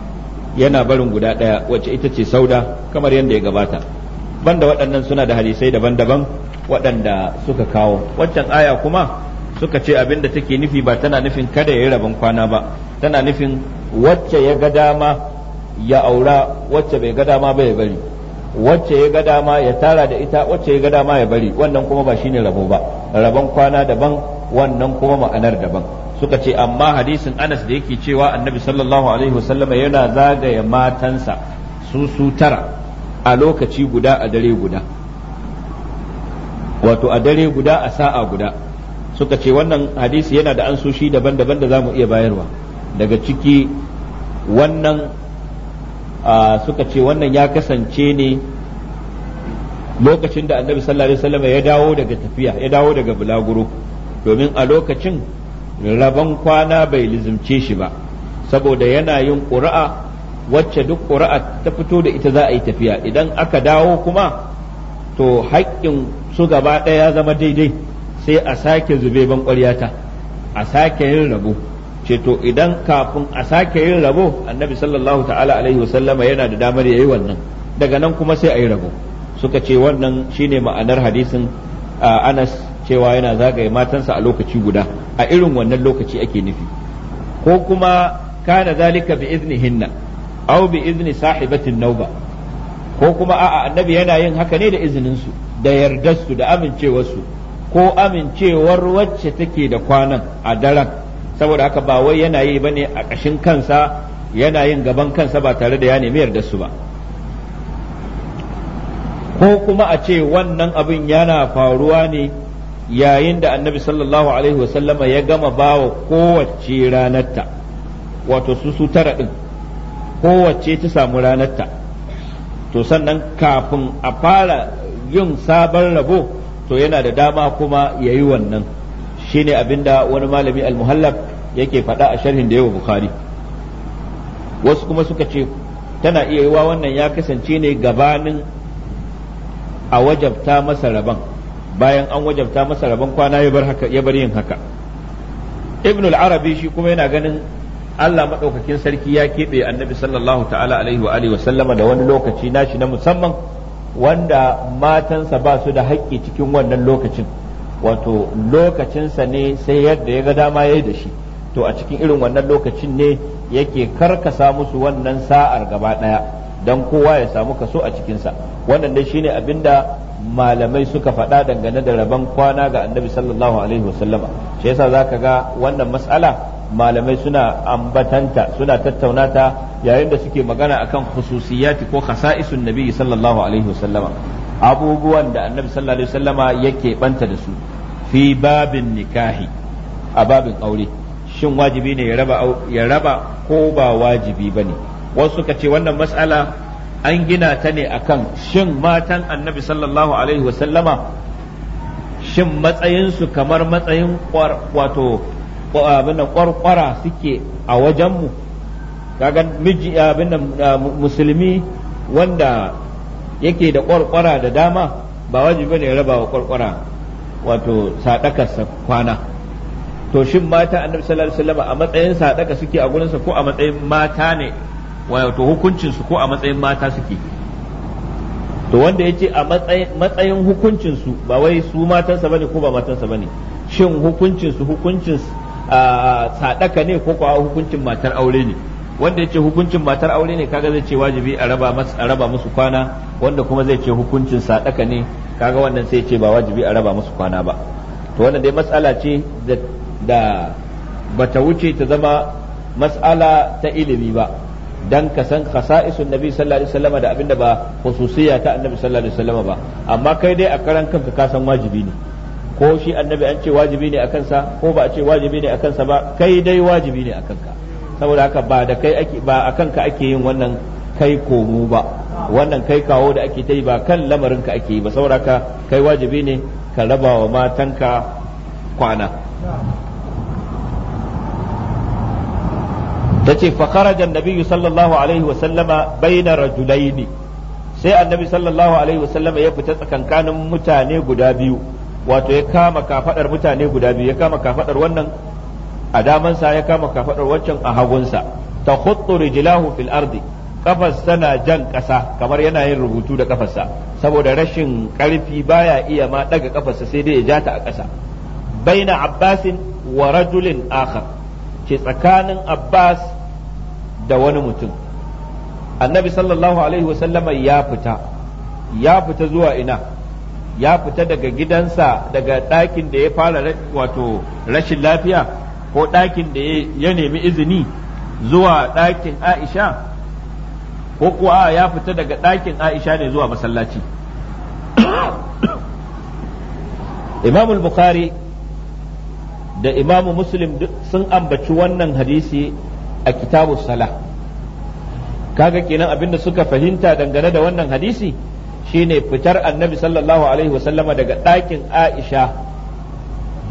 yana barin guda ɗaya wacce ita ce sauda kamar yadda ya gabata banda waɗannan suna da hadisai daban-daban waɗanda suka kawo waccan aya kuma suka ce abin da take nufi ba tana nufin kada ya yi rabon kwana ba tana nufin wacce ya ga dama ya aura wacce bai ga dama ba ya bari wacce ya ga dama ya tara da ita wacce ya ga dama ya bari wannan kuma ba shine rabo ba rabon kwana daban wannan kuma ma'anar daban suka ce amma hadisin Anas da yake cewa Annabi sallallahu alaihi wasallama yana zagaya matansa su su tara a lokaci guda a dare guda wato a dare guda a sa'a guda suka ce wannan hadisi yana da ansoshi daban-daban da za mu iya bayarwa daga ciki wannan suka ce wannan ya kasance ne lokacin da annabi sallallahu alaihi ya dawo daga tafiya ya dawo daga bulaguro domin a lokacin rabon kwana bai lizimce shi ba saboda yana yin ƙuri'a wacce duk ƙuri'a ta fito da ita za a yi tafiya idan aka dawo kuma to haƙƙin su gaba ɗaya ya zama daidai sai a sake zube ban ƙwaryata a sake yin rabo ceto idan kafin a sake yin rabo annabi sallallahu ta'ala alaihi wasallama yana da damar ya yi wannan daga nan kuma sai a yi rabo suka ce wannan shine ma'anar hadisin anas cewa yana zagaye matansa a lokaci guda a irin wannan lokaci ake nufi ko kuma kana zalika bi iznihinna aw bi izni sahibatin nauba ko kuma a'a annabi yana yin haka ne da izinin su da yardar su da amincewar su ko amincewar wacce take da kwanan a daren saboda haka ba wai yana yi bane a ƙashin kansa yana yin gaban kansa ba tare da ya nemi yarda su ba ko kuma a ce wannan abin yana faruwa ne yayin da annabi sallallahu alaihi wasallama ya gama bawa kowace ranarta wato su su tara ɗin kowace ta samu ranarta to sannan kafin a fara yin sabon rabo to yana da dama kuma ya yi wannan shi abin da wani malami almuhallab yake faɗa a sharhin da yawa bukhari wasu kuma suka ce tana iya yiwa wannan ya kasance ne gabanin a wajabta masa rabon bayan an wajabta masa rabon kwana ya bar yin haka ibn al-arabi shi kuma yana ganin Allah maɗaukakin sarki ya keɓe annabi sallallahu ta'ala alaihi wa wa sallama da wani lokaci nashi na musamman wanda matansa ba su da haƙƙi cikin wannan lokacin wato lokacinsa ne sai yadda ya ga dama ya yi da shi to a cikin irin wannan lokacin ne yake karkasa musu wannan sa'ar gaba ɗaya don kowa ya samu kaso a cikinsa wannan dai shine da malamai suka faɗa dangane da rabon kwana ga annabi sallallahu alaihi wasallama shi yasa ka ga wannan mas'ala malamai suna ambatanta suna tattaunata yayin da suke magana akan khususiyati ko khasa'isun nabi sallallahu alaihi wasallama abubuwan da annabi sallallahu alaihi wasallama yake banta da su fi babin nikahi a babin aure shin wajibi ne ya raba ko ba wajibi ba ne wasu suka ce wannan matsala an gina ta ne akan shin matan annabi sallallahu alaihi wasallama shin matsayinsu kamar matsayin wato abin nan kwarkwara suke a wajenmu kaga miji abin nan musulmi wanda yake da kwarkwara da dama ba wajibi ne raba wa kwarkwara wato sadakarsa kwana to shin mata annabi sallallahu alaihi wasallam a matsayin sadaka suke a gurinsa ko a matsayin mata ne wato hukuncin su ko a matsayin mata suke to wanda ya ce a matsayin hukuncinsu ba wai su matansa bane ko ba matansa bane shin hukuncinsu hukuncin sadaka ne ko kuwa hukuncin matar aure ne wanda ya ce hukuncin matar aure ne kaga zai ce wajibi a raba musu a raba musu kwana wanda kuma zai ce hukuncin sadaka ne kaga wannan sai ya ce ba wajibi a raba musu kwana ba to wannan dai matsala ce da bata wuce ta zama matsala ta ilimi ba dan ka san khasa'isun nabi sallallahu alaihi wasallam da abinda ba khususiyya ta annabi sallallahu alaihi wasallam ba amma kai dai a karan kanka ka san wajibi ne ko shi annabi an ce wajibi ne a kansa ko ba a ce wajibi ne a kansa ba kai dai wajibi ne a kanka saboda haka ba da kai ake ba a kanka ake yin wannan kai komo ba wannan kai kawo da ake ta yi ba kan lamarin ka ake yi ba saboda haka kai wajibi ne ka raba wa matanka kwana tace fa kharaja annabi sallallahu alaihi wa sallama baina rajulaini sai annabi sallallahu alaihi wa sallama ya fita tsakankanin mutane guda biyu wato ya kama kafadar mutane guda biyu ya kama kafadar wannan a damansa ya kama kafadar waccan a hagunsa ta khuttu rijlahu fil ardi kafas sana jan ƙasa kamar yana yin rubutu da kafarsa saboda rashin ƙarfi baya iya ma daga kafarsa sai dai ya ja ta a kasa baina abbasin wa rajulin akhar ke tsakanin abbas da wani mutum annabi sallallahu alaihi wasallama ya fita ya fita zuwa ina ya fita daga gidansa daga ɗakin da ya fara wato rashin lafiya ko ɗakin da ya nemi izini zuwa ɗakin aisha ko kuwa ya fita daga ɗakin aisha ne zuwa masallaci imam bukhari da imam muslim sun ambaci wannan hadisi a kitabu salah kaga kenan abinda suka fahimta dangane da wannan hadisi shine fitar annabi sallallahu alaihi wasallama daga ɗakin aisha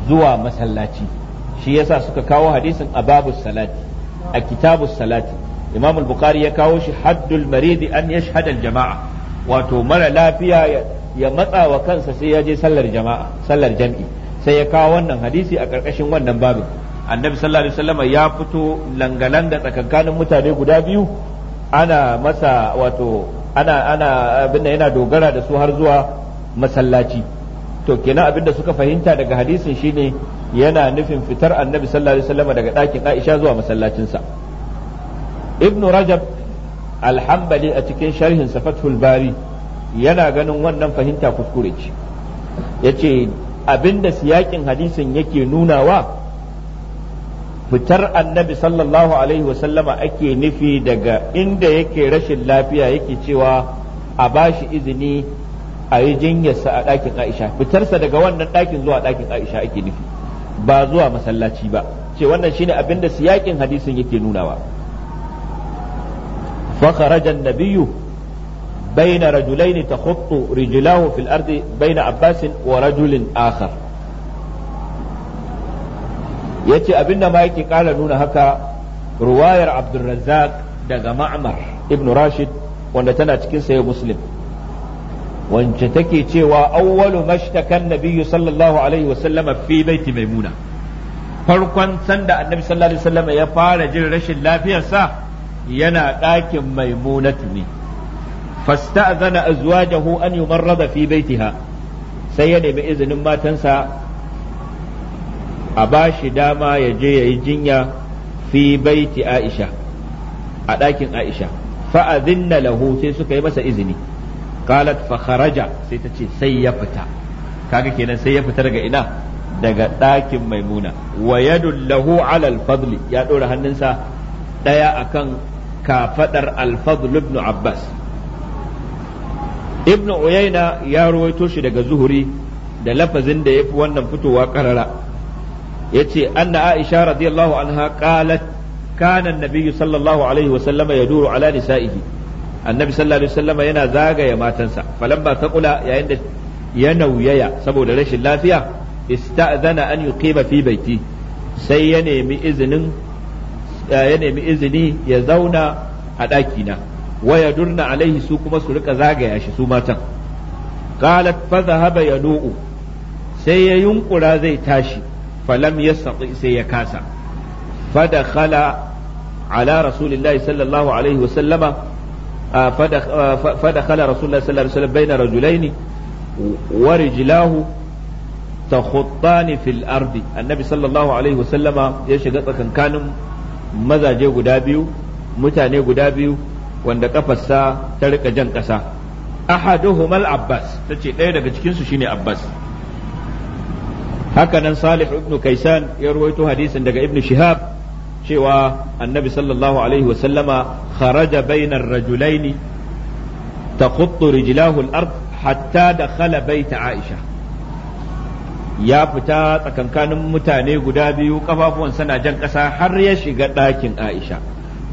zuwa masallaci shi yasa suka kawo hadisin a babu salati a kitabu salati imam bukari ya kawo shi haddul maridi an yashhad al-jama'a wato mara lafiya ya matsa wa kansa sai ya je sallar jama'a jam'i sai ya kawo wannan hadisi a ƙarƙashin wannan babin annabi sallallahu alaihi wasallama ya fito langalan da tsakankanin mutane guda biyu ana masa wato ana ana abin da yana dogara da su har zuwa masallaci to kenan abin da suka fahimta daga hadisin shine yana nufin fitar annabi sallallahu alaihi wasallam daga ɗakin Aisha zuwa masallacinsa ibn rajab alhambali a cikin sharhin fathul bari yana ganin wannan fahimta kuskure ce yace abinda siyakin hadisin yake nunawa fitar annabi sallallahu alaihi wasallama ake nufi daga inda yake rashin lafiya yake cewa a bashi izini a yi jinyarsa a ɗakin aisha fitarsa daga wannan ɗakin zuwa ɗakin aisha ake nufi ba zuwa masallaci ba ce wannan shine abin da siyakin hadisin yake nunawa فخرج النبي Rajulaini رجلين تخط رجلاه في الأرض Abbasin wa rajulin Akhar. yace abinda ma yake kara nuna haka ruwayar abdurrazzaq daga ma'mar ibn rashid wanda tana cikin sayo muslim wance take cewa awwalu mashtakan nabiyyu sallallahu alaihi wasallama fi baiti maimuna farkon sanda annabi sallallahu alaihi wasallama ya fara jin rashin lafiyarsa yana ɗakin maimunatu ne fasta'zana azwajahu an yumarrada fi baitiha sai ya nemi izinin matansa a ba shi dama ya je ya yi jinya fi baiti aisha a ɗakin aisha na lahu sai suka yi masa izini Khalad fa kharaja sai ta ce sai ya fita kaga kenan sai ya fita daga ina daga ɗakin maimuna wa lahu alal fadli ya ɗora hannunsa ɗaya akan kafadar al-fadl ibn abbas ibn uyaina ya ruwaito shi daga zuhuri da lafazin da yafi wannan fitowa ƙarara. yace anna aisha radiyallahu anha qalat kana an sallallahu alaihi wa sallama yaduru ala nisa'ihi annabi sallallahu alaihi yana zagaya matansa falamma taqula yayin da ya nauyaya saboda rashin lafiya ista'zana an yuqima fi baiti sai ya nemi izini ya zauna a ɗakina waya durna alaihi su kuma su rika zagaya shi su matan qalat fa dhahaba yanu'u sai ya yunkura zai tashi falam yastati sai ya kasa fadakhala ala rasulillahi sallallahu alaihi wa sallama fadakhala rasulullahi sallallahu alaihi wa sallam baina rajulaini wa rijlahu takhuttani fil ardi annabi sallallahu alaihi wa sallama ya shiga tsakankanin mazaje guda biyu mutane guda biyu wanda kafarsa ta rika jan kasa ahaduhumal abbas ce ɗaya daga cikinsu shine abbas haka nan salih ibn kaisan ya ruwaito hadisin daga ibn shihab cewa annabi sallallahu alaihi wasallama kharaja bainar rajulaini ta rijlahu al-ard hatta dakhala ta aisha ya fita tsakankanin mutane guda biyu kafafuwan sana jan ƙasa har ya shiga ɗakin aisha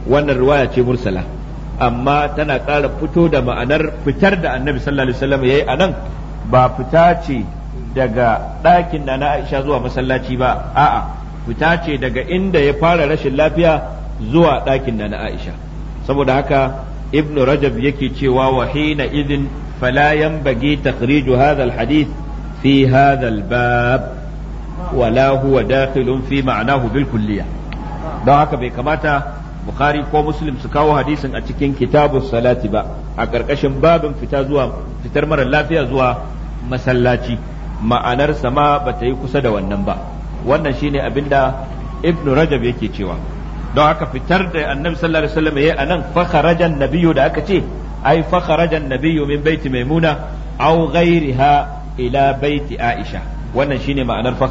wannan riwaya ce mursala amma tana ƙara fito da ma'anar fitar da annabi sallallahu alaihi wasallam yayi anan ba fita ce daga ɗakin da na Aisha zuwa masallaci ba a'a fita ce daga inda ya fara rashin lafiya zuwa ɗakin da na Aisha saboda haka ibn Rajab yake cewa wahina izin idin fala yanbaghi takhriju hadal alhadith fi hadal bab wala huwa dakhilun fi ma'nahu bil kulliyah don haka bai kamata bukhari ko muslim su kawo hadisin a cikin kitabu salati ba a ƙarƙashin babin fita zuwa fitar mara lafiya zuwa masallaci ma'anarsa ma ba ta yi kusa da wannan ba wannan shine abinda ibnu rajab yake cewa don haka fitar da annabi sallallahu alaihi wasallam yayi anan fa Nabiyu nabiyyu da aka ce ai fa Nabiyu nabiyyu min baiti maimuna aw ghairiha ila baiti aisha wannan shine ma'anar fa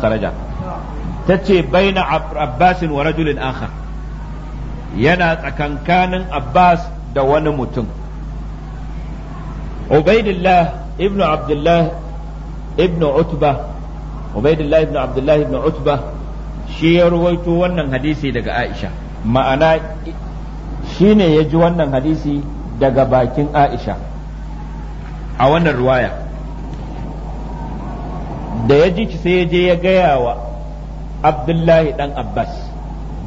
tace baina abbasin wa rajulin akhar yana tsakankanin abbas da wani mutum ubaidillah ibn abdullah ibn utba ubaidullah ibn abdullah ibn utba shi ya ruwaito wannan hadisi daga aisha ma'ana shi ne ya ji wannan hadisi daga bakin aisha a wannan riwaya. da ya ji sai ya je ya gaya wa abdullahi dan abbas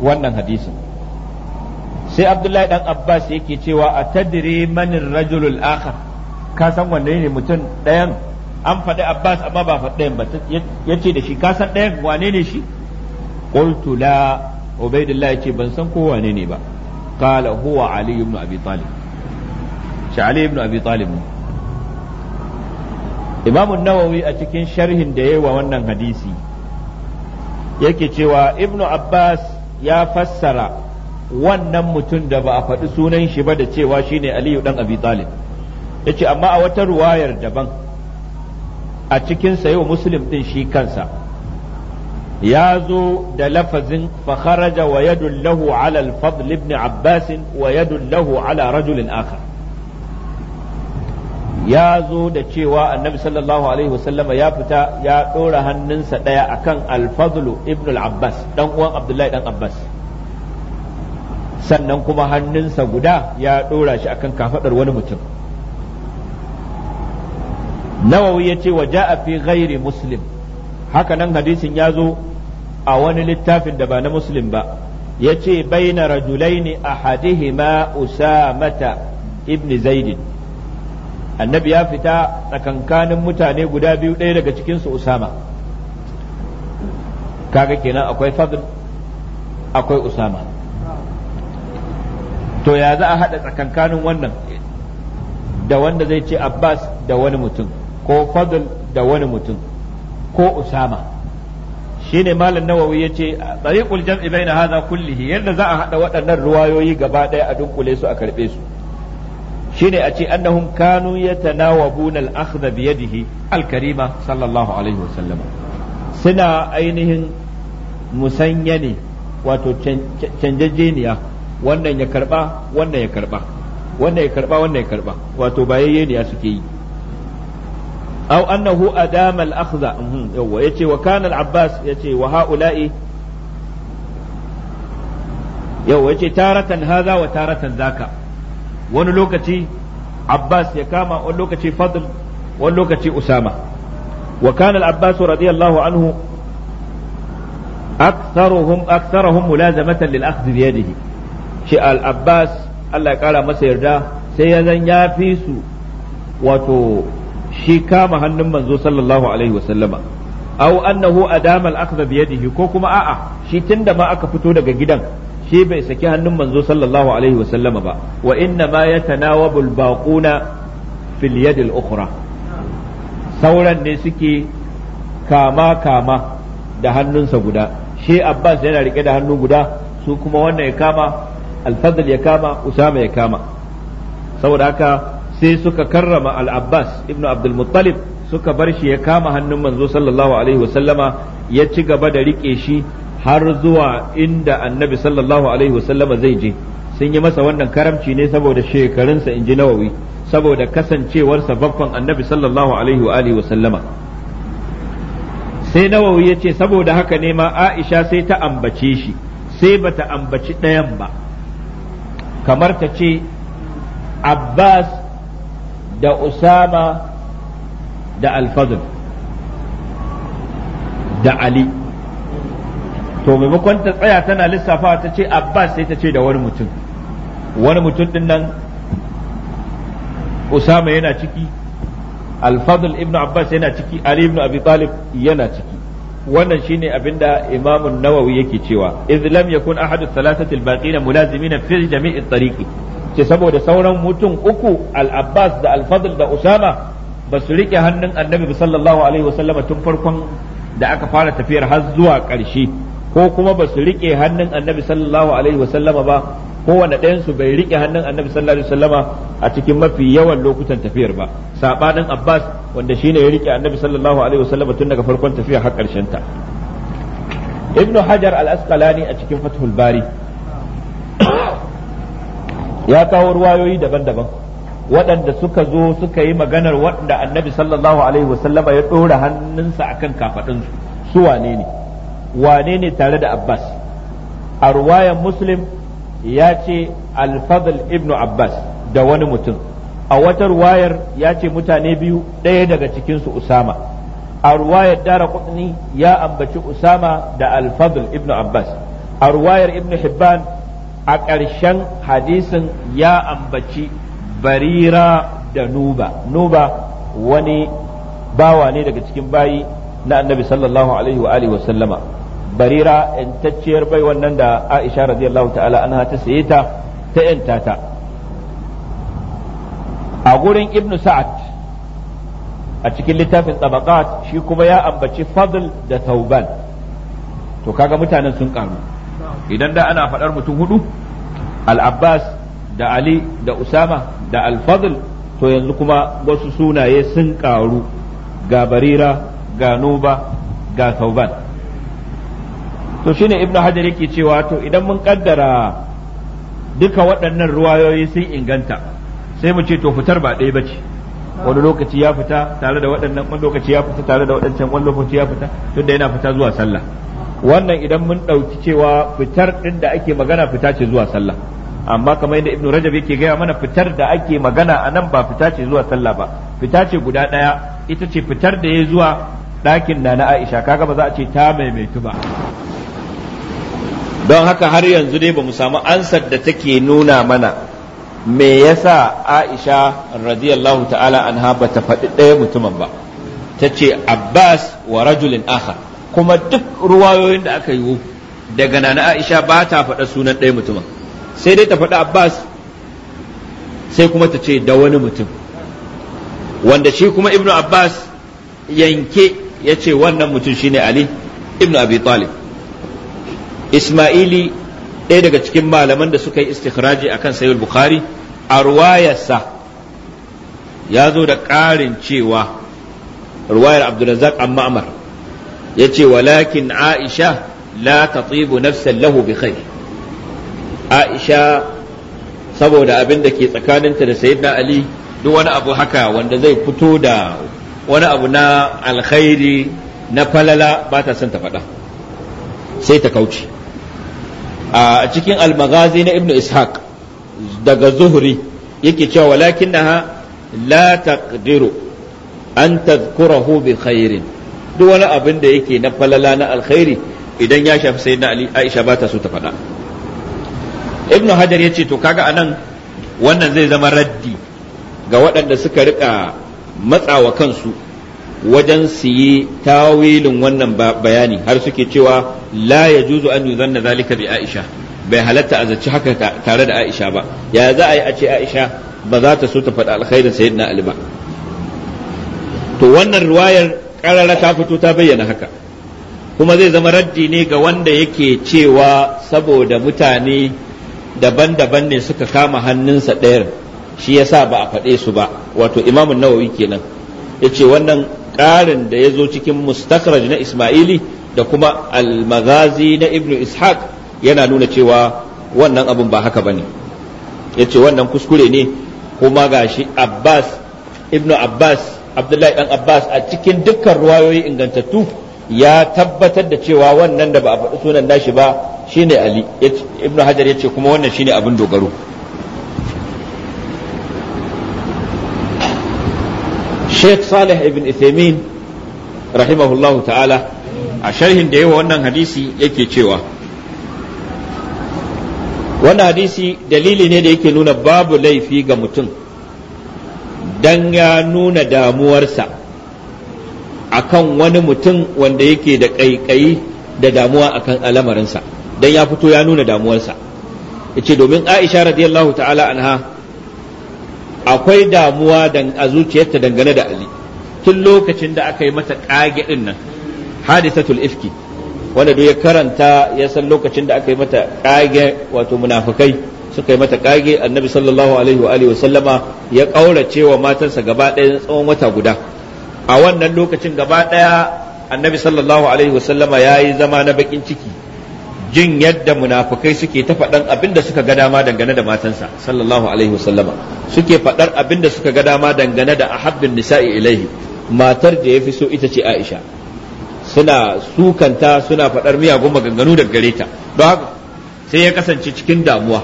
wannan hadisin sai abdullahi dan abbas yake cewa a tadiri manin rajulul akhar ka san wanne ne mutum ɗayan an faɗi Abbas amma ba faɗi ɗayan ba ce da shi ka san ɗayan wane ne shi qultu la ubaidillah yace ban san ko wane ne ba qala huwa ali ibn abi talib shi ali ibn abi talib ne imamu nawawi a cikin sharhin da ya yi wa wannan hadisi yake cewa ibnu abbas ya fassara wannan mutum da ba a faɗi sunan shi ba da cewa shine aliyu dan abi talib yace amma a wata ruwayar daban a cikin sayo muslim din shi kansa ya zo da lafazin fakharaja wa yadun lahu ala al-fadl ibn abbas wa yadun lahu ala rajulin akhar ya zo da cewa annabi sallallahu alaihi wasallama ya fita ya ɗora hannunsa ɗaya akan alfadlu ibn abbas dan uwan abdullahi dan abbas sannan kuma hannunsa guda ya ɗora shi akan kafaɗar wani mutum nawawi ya ce wa ja'a fi ghairi muslim haka nan hadisin ya zo a wani littafin da ba na muslim ba ya ce bai baina rajulaini hadihima usamata ibn zaidin annabi ya fita tsakankanin mutane guda biyu ɗaya daga cikinsu usama kaga kenan akwai fadl akwai usama to ya za a haɗa tsakankanin wannan da wanda zai ce abbas da wani mutum ko fadl da wani mutum ko usama shine malam nawawi ya yace tariqul jam'i baina haza kullihi yadda za a haɗa waɗannan ruwayoyi gaba ɗaya a dunkule su a karbe su Shi ne a ce annahum kanu yatanawabuna al-akhdha bi yadihi al-karima sallallahu alaihi wasallam suna ainihin musanya ne wato canjejeniya wannan ya karɓa wannan ya karɓa wannan ya karɓa wannan ya karɓa wato bayayyeniya suke yi aw annahu adama al-akhdha yawa yace wa kana al-abbas yace wa haula'i yawa yace taratan hadha wa taratan zaka wani lokaci abbas ya kama wani lokaci wani lokaci usama wa abbas radiyallahu anhu أكثرهم أكثرهم ملازمة للأخذ بيده شيء الأباس الله قال ما سيرجع سيزن يافيس وتو shi kama hannun manzo sallallahu alaihi wasallama aw annahu adama al-akhdha bi yadihi ko kuma a'a shi tunda ma aka fito daga gidan shi bai saki hannun manzo sallallahu alaihi wasallama ba wa inna ma yatanawabu al-baquna fil yad al-ukhra sauran ne suke kama kama da hannunsa guda shi Abbas yana rike da hannu guda su kuma wannan ya kama al-fadl ya kama Usama ya kama saboda haka sai suka karrama al-abbas ibn abdul suka bar shi ya kama hannun manzo sallallahu alaihi wasallama ya ci gaba da rike shi har zuwa inda annabi sallallahu alaihi wasallama zai je sun yi masa wannan karamci ne saboda shekarunsa inji nawawi saboda kasancewarsa babban annabi sallallahu alaihi wa alihi wasallama sai nawawi ya ce saboda haka ne ma aisha sai ta ambace shi sai bata ambaci ɗayan ba kamar ta ce abbas da usama da alfazil da ali to maimakon ta tsaya tana lissafa ta ce abbas sai ta ce da wani mutum wani mutum din nan usama yana ciki alfadl ibn abbas yana ciki ali ibn abi talib yana ciki wannan shine abinda imamun nawawi yake cewa idh lam yakun ahadu thalathati al-baqina mulazimina fi jami'i at-tariqi ce saboda sauran mutum uku al-abbas da al-fadl da usama ba su rike hannun annabi sallallahu alaihi wasallama tun farkon da aka fara tafiyar har zuwa ƙarshe ko kuma ba su rike hannun annabi sallallahu alaihi wasallama ba kowane ɗayan su bai rike hannun annabi sallallahu alaihi wasallama a cikin mafi yawan lokutan tafiyar ba sabanin abbas wanda shine ya rike annabi sallallahu alaihi wasallama tun daga farkon tafiya har ƙarshen ta ibnu hajar al-asqalani a cikin fathul bari ya kawo ruwayoyi daban-daban waɗanda suka zo suka yi maganar waɗanda annabi sallallahu alaihi wasallama ya ɗora hannunsa a kan kafaɗinsu su wane ne wane ne tare da abbas a ruwayan muslim ya ce alfadl ibnu abbas da wani mutum a wata ruwayar ya ce mutane biyu ɗaya daga cikinsu usama a ruwayar dara ya ambaci usama da alfadl ibnu abbas a ruwayar ibnu hibban a ƙarshen hadisin ya ambaci barira da nuba nuba wani bawa ne daga cikin bayi na annabi sallallahu alaihi wa alihi wa sallama barira yantacciyar bai wannan da aisha radiyallahu ta'ala ta saye ta ta yanta ta a gurin ibnu sa'ad a cikin littafin tabaqat shi kuma ya ambaci fadl da tauban to kaga mutanen sun karu idan da ana faɗar mutum hudu al-abbas da ali da usama da al-fadl to yanzu kuma wasu sunaye sun ƙaru ga barira ga Noba ga tauban to shine ibnu hajar yake cewa to idan mun kaddara duka waɗannan ruwayoyi sun inganta sai mu ce to fitar ba ɗaya ba ce wani lokaci ya fita tare da waɗannan wani lokaci ya fita tare da waɗancan wani lokaci ya fita tunda yana fita zuwa sallah wannan idan mun ɗauki cewa fitar ɗin da ake magana fita ce zuwa sallah amma kamar yadda ibnu rajab yake gaya mana fitar da ake magana a nan ba fita ce zuwa sallah ba fita ce guda ɗaya ita ce fitar da ya zuwa ɗakin na na aisha kaga ba za a ce ta maimaitu ba don haka har yanzu dai ba mu samu ansar da take nuna mana me yasa aisha radiyallahu ta'ala anha bata faɗi ɗaya mutumin ba ta ce abbas wa rajulin akhar kuma duk ruwayoyin da aka yi daga nana aisha ba ta faɗa sunan ɗaya mutumin sai dai ta faɗi abbas sai kuma ta ce da wani mutum wanda shi kuma Ibn abbas yanke ya ce wannan mutum shine ali Ibn abi talib ismaili ɗaya daga cikin malaman da suka yi istikhraji akan sayyid bukhari a ruwayarsa ya zo da ƙarin cewa ruwayar abdulrazak an ma'amar ya ce walakin aisha la tatibu nafsan lahu bi khair aisha saboda abin da ke tsakaninta da sayyidina ali duk wani abu haka wanda zai fito da wani abu na alkhairi na falala ba ta son ta faɗa sai ta kauce a cikin almagazi na ibnu ishaq daga zuhri yake cewa ha la taqdiru an tadhkurahu bi khairin duk wani abin da yake na falala na alkhairi idan ya shafi sai ali aisha ba ta so ta faɗa ibnu hajar ce to kaga anan wannan zai zama raddi ga waɗanda suka rika matsawa kansu wajen su yi tawilin wannan bayani har suke cewa la ya juzu an yuzanna zalika bi aisha bai halatta a zaci haka tare da Aisha ba ya za a yi a ce Aisha ba za ta so ta faɗa alkhairin sayyidina Ali ba to wannan riwayar karara ta fito ta bayyana haka kuma zai zama raddi ne ga wanda yake cewa saboda mutane daban-daban ne suka kama hannunsa ɗayar shi yasa ba a faɗe su ba wato imamun nawawi kenan ya ce wannan ƙarin da ya zo cikin mustakraj na ismaili da kuma almagazi na ibnu ishaq yana nuna cewa wannan abin ba haka bane yace wannan kuskure ne kuma gashi Abbas ibnu Abbas Abdullahi dan Abbas a cikin dukkan ruwayoyi ingantattu ya tabbatar da cewa wannan da ba a faɗi sunan nashi ba shine Ali ibnu Hajar yace kuma wannan shine abin dogaro Sheikh Salih ibn Uthaymeen rahimahullahu ta'ala a sharhin da yawa wannan hadisi yake cewa wannan hadisi dalili ne da yake nuna babu laifi ga mutum don ya nuna damuwarsa akan wani mutum wanda yake da ƙaiƙayi da damuwa kan alamarinsa don ya fito ya nuna damuwarsa yace domin Aisha radiyallahu ta'ala anha akwai damuwa dan a zuciyarta dangane da Ali tun lokacin da aka yi mata ƙage ɗin nan hadisatul ifki wanda duk ya karanta ya san lokacin da aka yi mata kage wato munafikai suka yi mata kage annabi sallallahu alaihi wa alihi sallama ya kaurace wa matansa gaba ɗaya tsawon wata guda a wannan lokacin gaba ɗaya annabi sallallahu alaihi wa sallama ya yi zama na bakin ciki jin yadda munafikai suke ta faɗan abin da suka ga dama dangane da matansa sallallahu alaihi wa sallama suke faɗar abin da suka ga dama dangane da ahabbin nisa'i ilaihi matar da ya fi so ita ce aisha suna sukanta suna faɗar miyagun maganganu daga gare ta don haka sai ya kasance cikin damuwa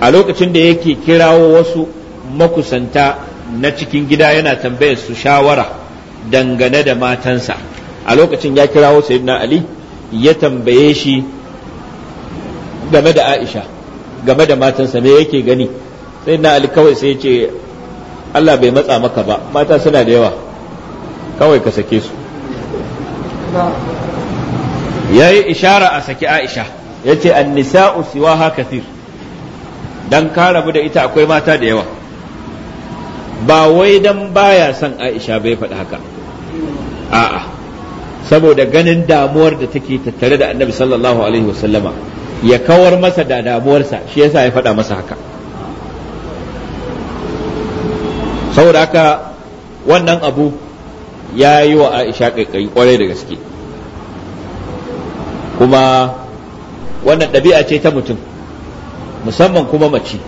a lokacin da yake kirawo wasu makusanta na cikin gida yana tambayar su shawara dangane da matansa a lokacin ya kirawo sayyidina ali ya tambaye shi game da aisha game da matansa me yake gani sayyidina ali kawai sai ya ce Allah bai matsa maka ba mata suna da yawa kawai ka sake su yayi yi ishara a saki aisha ya ce siwa ha kathir dan ka rabu da ita akwai mata da yawa ba wai dan baya son aisha bai faɗi haka a'a saboda ganin damuwar da take tattare da annabi sallallahu alaihi wasallama ya kawar masa da damuwarsa shi yasa ya faɗa masa haka saboda haka wannan abu ya yi wa aisha kai-kai kwarai da gaske kuma wannan ɗabi'a ce ta mutum musamman kuma mace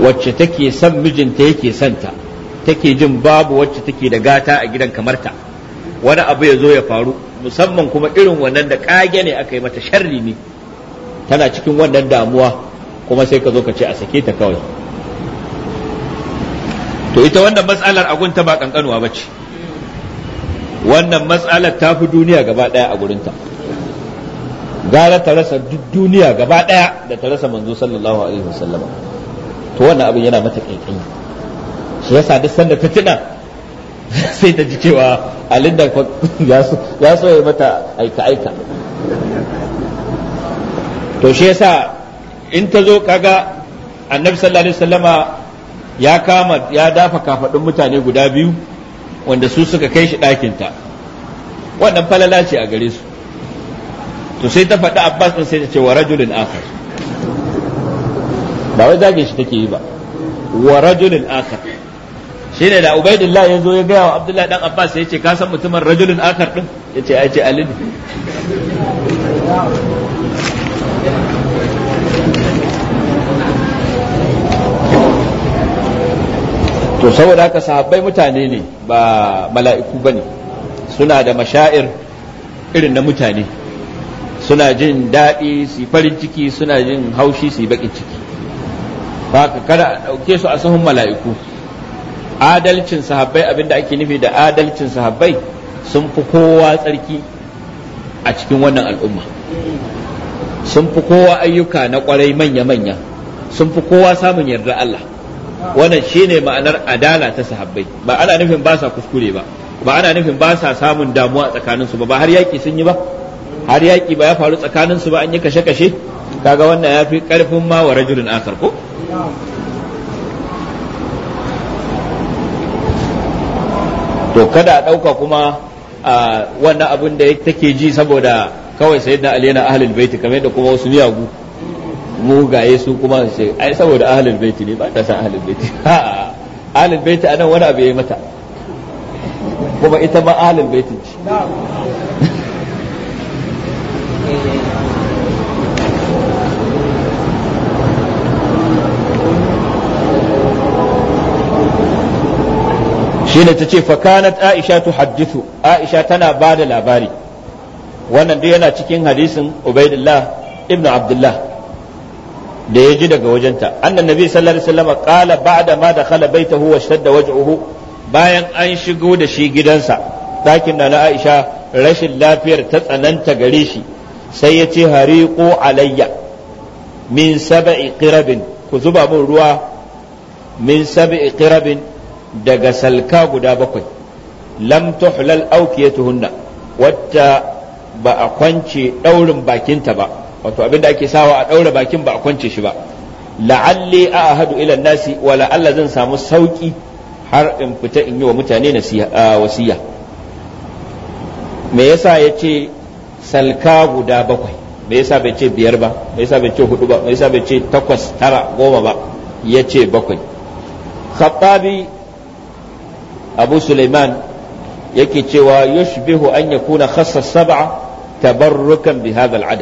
wacce take son mijinta yake santa take jin babu wacce take da gata a gidan kamarta wani abu ya zo ya faru musamman kuma irin wannan da ƙage ne aka yi mata sharri ne tana cikin wannan damuwa kuma sai ka zo ka ce a sake ta kawai to ita wannan matsalar ta ba kankanuwa ba ce wannan matsalar ta fi duniya gaba daya a gurinta gara ta rasa duk duniya gaba daya da ta rasa manzo sallallahu alaihi wasallam to wannan abin yana mata kankani shi yasa duk sanda ta tuna sai ta ji cewa alinda ya so ya mata aika-aika to shi yasa in ta zo kaga annabi sallallahu alaihi wasallama ya kama ya dafa kafadun mutane guda biyu wanda su suka kai shi ɗakinta wannan falala ce a gare su to sai ta faɗi abbas ɗin sai ta ce wa rajulin akar ba wai zagin shi take yi ba wa rajulin akar shi ne da ubaidillah ya zo ya gaya wa abdullahi ɗan abbas ya ce ka san mutumin rajulin akar ɗin ya ce ai ce alin to saboda haka sahabbai mutane ne ba mala'iku bane suna da mashair irin na mutane suna jin daɗi su farin ciki suna jin haushi su baƙin ciki haka kada a ɗauke su a sahun mala'iku adalcin sahabbai abinda ake nufi da adalcin sahabbai sun fi kowa tsarki a cikin wannan al'umma sun fi kowa ayyuka na kwarai manya-manya sun fi kowa samun yarda Allah wannan shine ma'anar adala ta sahabbai ba ana nufin ba sa kuskure ba ba ana nufin ba sa samun damuwa tsakanin su ba ba har yaki sun yi ba har yaki ba ya faru tsakanin su ba an yi kashe kashe kaga wannan ya fi karfin ma wa rajulin ko to kada a ɗauka kuma wannan abin da take ji saboda kawai sayyidina ali na ahlul baiti kamar da kuma wasu miyagu mugaye su kuma su ce ai saboda ahlul baiti ne ba ta san ahlul baiti a'a ahlul baiti anan wani abu yayi mata kuma ita ma ahlul baiti ce shine ta ce fakanat aisha tuhaddithu aisha tana ba da labari wannan dai yana cikin hadisin ubaidullah ibnu abdullah da ya ji daga wajenta annan nabi sallallahu alaihi wasallam qala ba'da ma dakhala baitahu wa shadda waj'uhu bayan an shigo da shi gidansa ɗakin da na Aisha rashin lafiyar ta tsananta gare shi sai ya ce hariqu alayya min sab'i qirabin ku zuba min ruwa min sab'i qirabin daga salka guda bakwai lam tuhlal awkiyatuhunna wata ba a kwance daurin bakinta ba wato abin da ake sawa a ɗaure bakin ba a kwance shi ba la'alli a ahadu ilan nasi wa la'alla zan samu sauki har in fita in yi wa mutane wasiya me yasa ya ce salka guda bakwai me yasa bai ce biyar ba me yasa bai ce hudu ba me yasa bai ce takwas tara goma ba ya ce bakwai khattabi abu suleiman yake cewa yushbihu an yakuna khassa sab'a tabarrukan bi hadha al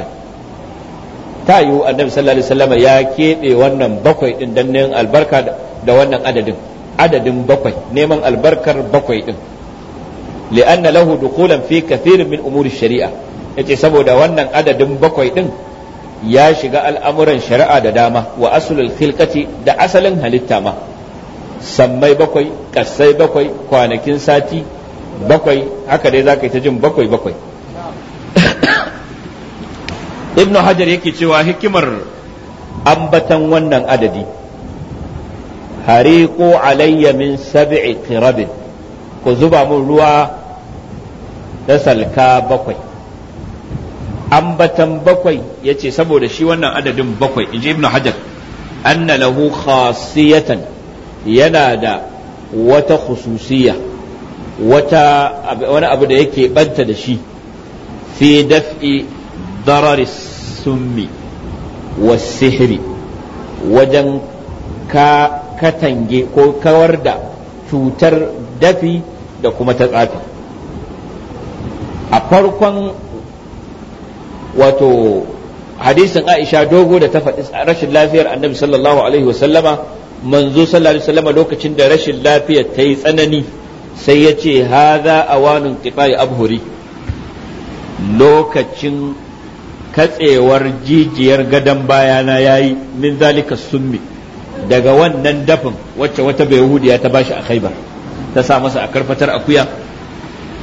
ta yiwu annabi sallallahu alaihi wasallam ya keɓe wannan bakwai ɗin dan neman albarka da wannan adadin adadin bakwai neman albarkar bakwai ɗin. li'anna lahu dukulan fi kathirin min umuri shari'a yace saboda wannan adadin bakwai ɗin ya shiga al'amuran shari'a da dama wa aslul khilqati da asalin halitta ma sammai bakwai kassai bakwai kwanakin sati bakwai haka dai zaka yi ta jin bakwai bakwai ibnu hajar yake cewa hikimar ambatan wannan adadi hariqu alayya min sab'i qirabin ku zuba mun ruwa da salka bakwai ambatan bakwai yace saboda shi wannan adadin bakwai inji ibnu hajar anna lahu khasiyatan yana da wata khususiyya wata wani abu da yake banta da shi fi daf'i wa السم wajen ka katange ko kawar da cutar dafi da kuma ta tsafi a farkon wato hadisin aisha dogo da ta faɗi rashin lafiyar annabi sallallahu alaihi wasallama manzo sallallahu alaihi wasallama lokacin da rashin lafiyar ta yi tsanani sai ya ce haza awanun qita'i abhuri lokacin katsewar jijiyar gadon bayana yayi min zalika summi daga wannan dafin wacce wata Yahudiya ta bashi a khaibar ta sa masa a karfatar akuya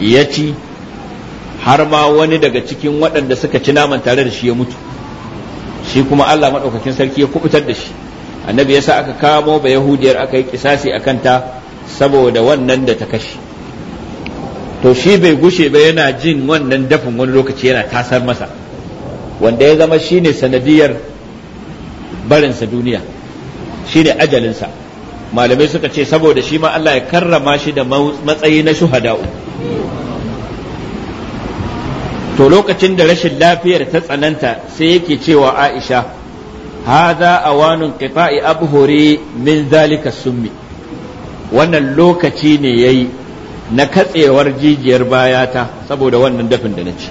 ya ci har ma wani daga cikin waɗanda suka ci naman tare da shi ya mutu shi kuma Allah maɗaukakin sarki ya kubutar da shi annabi yasa aka kamo ba yahudiyar aka yi kisasi a kanta saboda wannan da ta kashe to shi bai gushe ba yana jin wannan dafin wani lokaci yana tasar masa wanda ya zama shine sanadiyar barinsa duniya shine ajalinsa malamai suka ce saboda shi ma Allah ya karrama shi da matsayi na shuhada'u to lokacin da rashin lafiyar ta tsananta sai yake cewa Aisha hadha awanun qita'i abhuri min zalika summi wannan lokaci ne yayi na katsewar jijiyar bayata saboda wannan dafin da na ci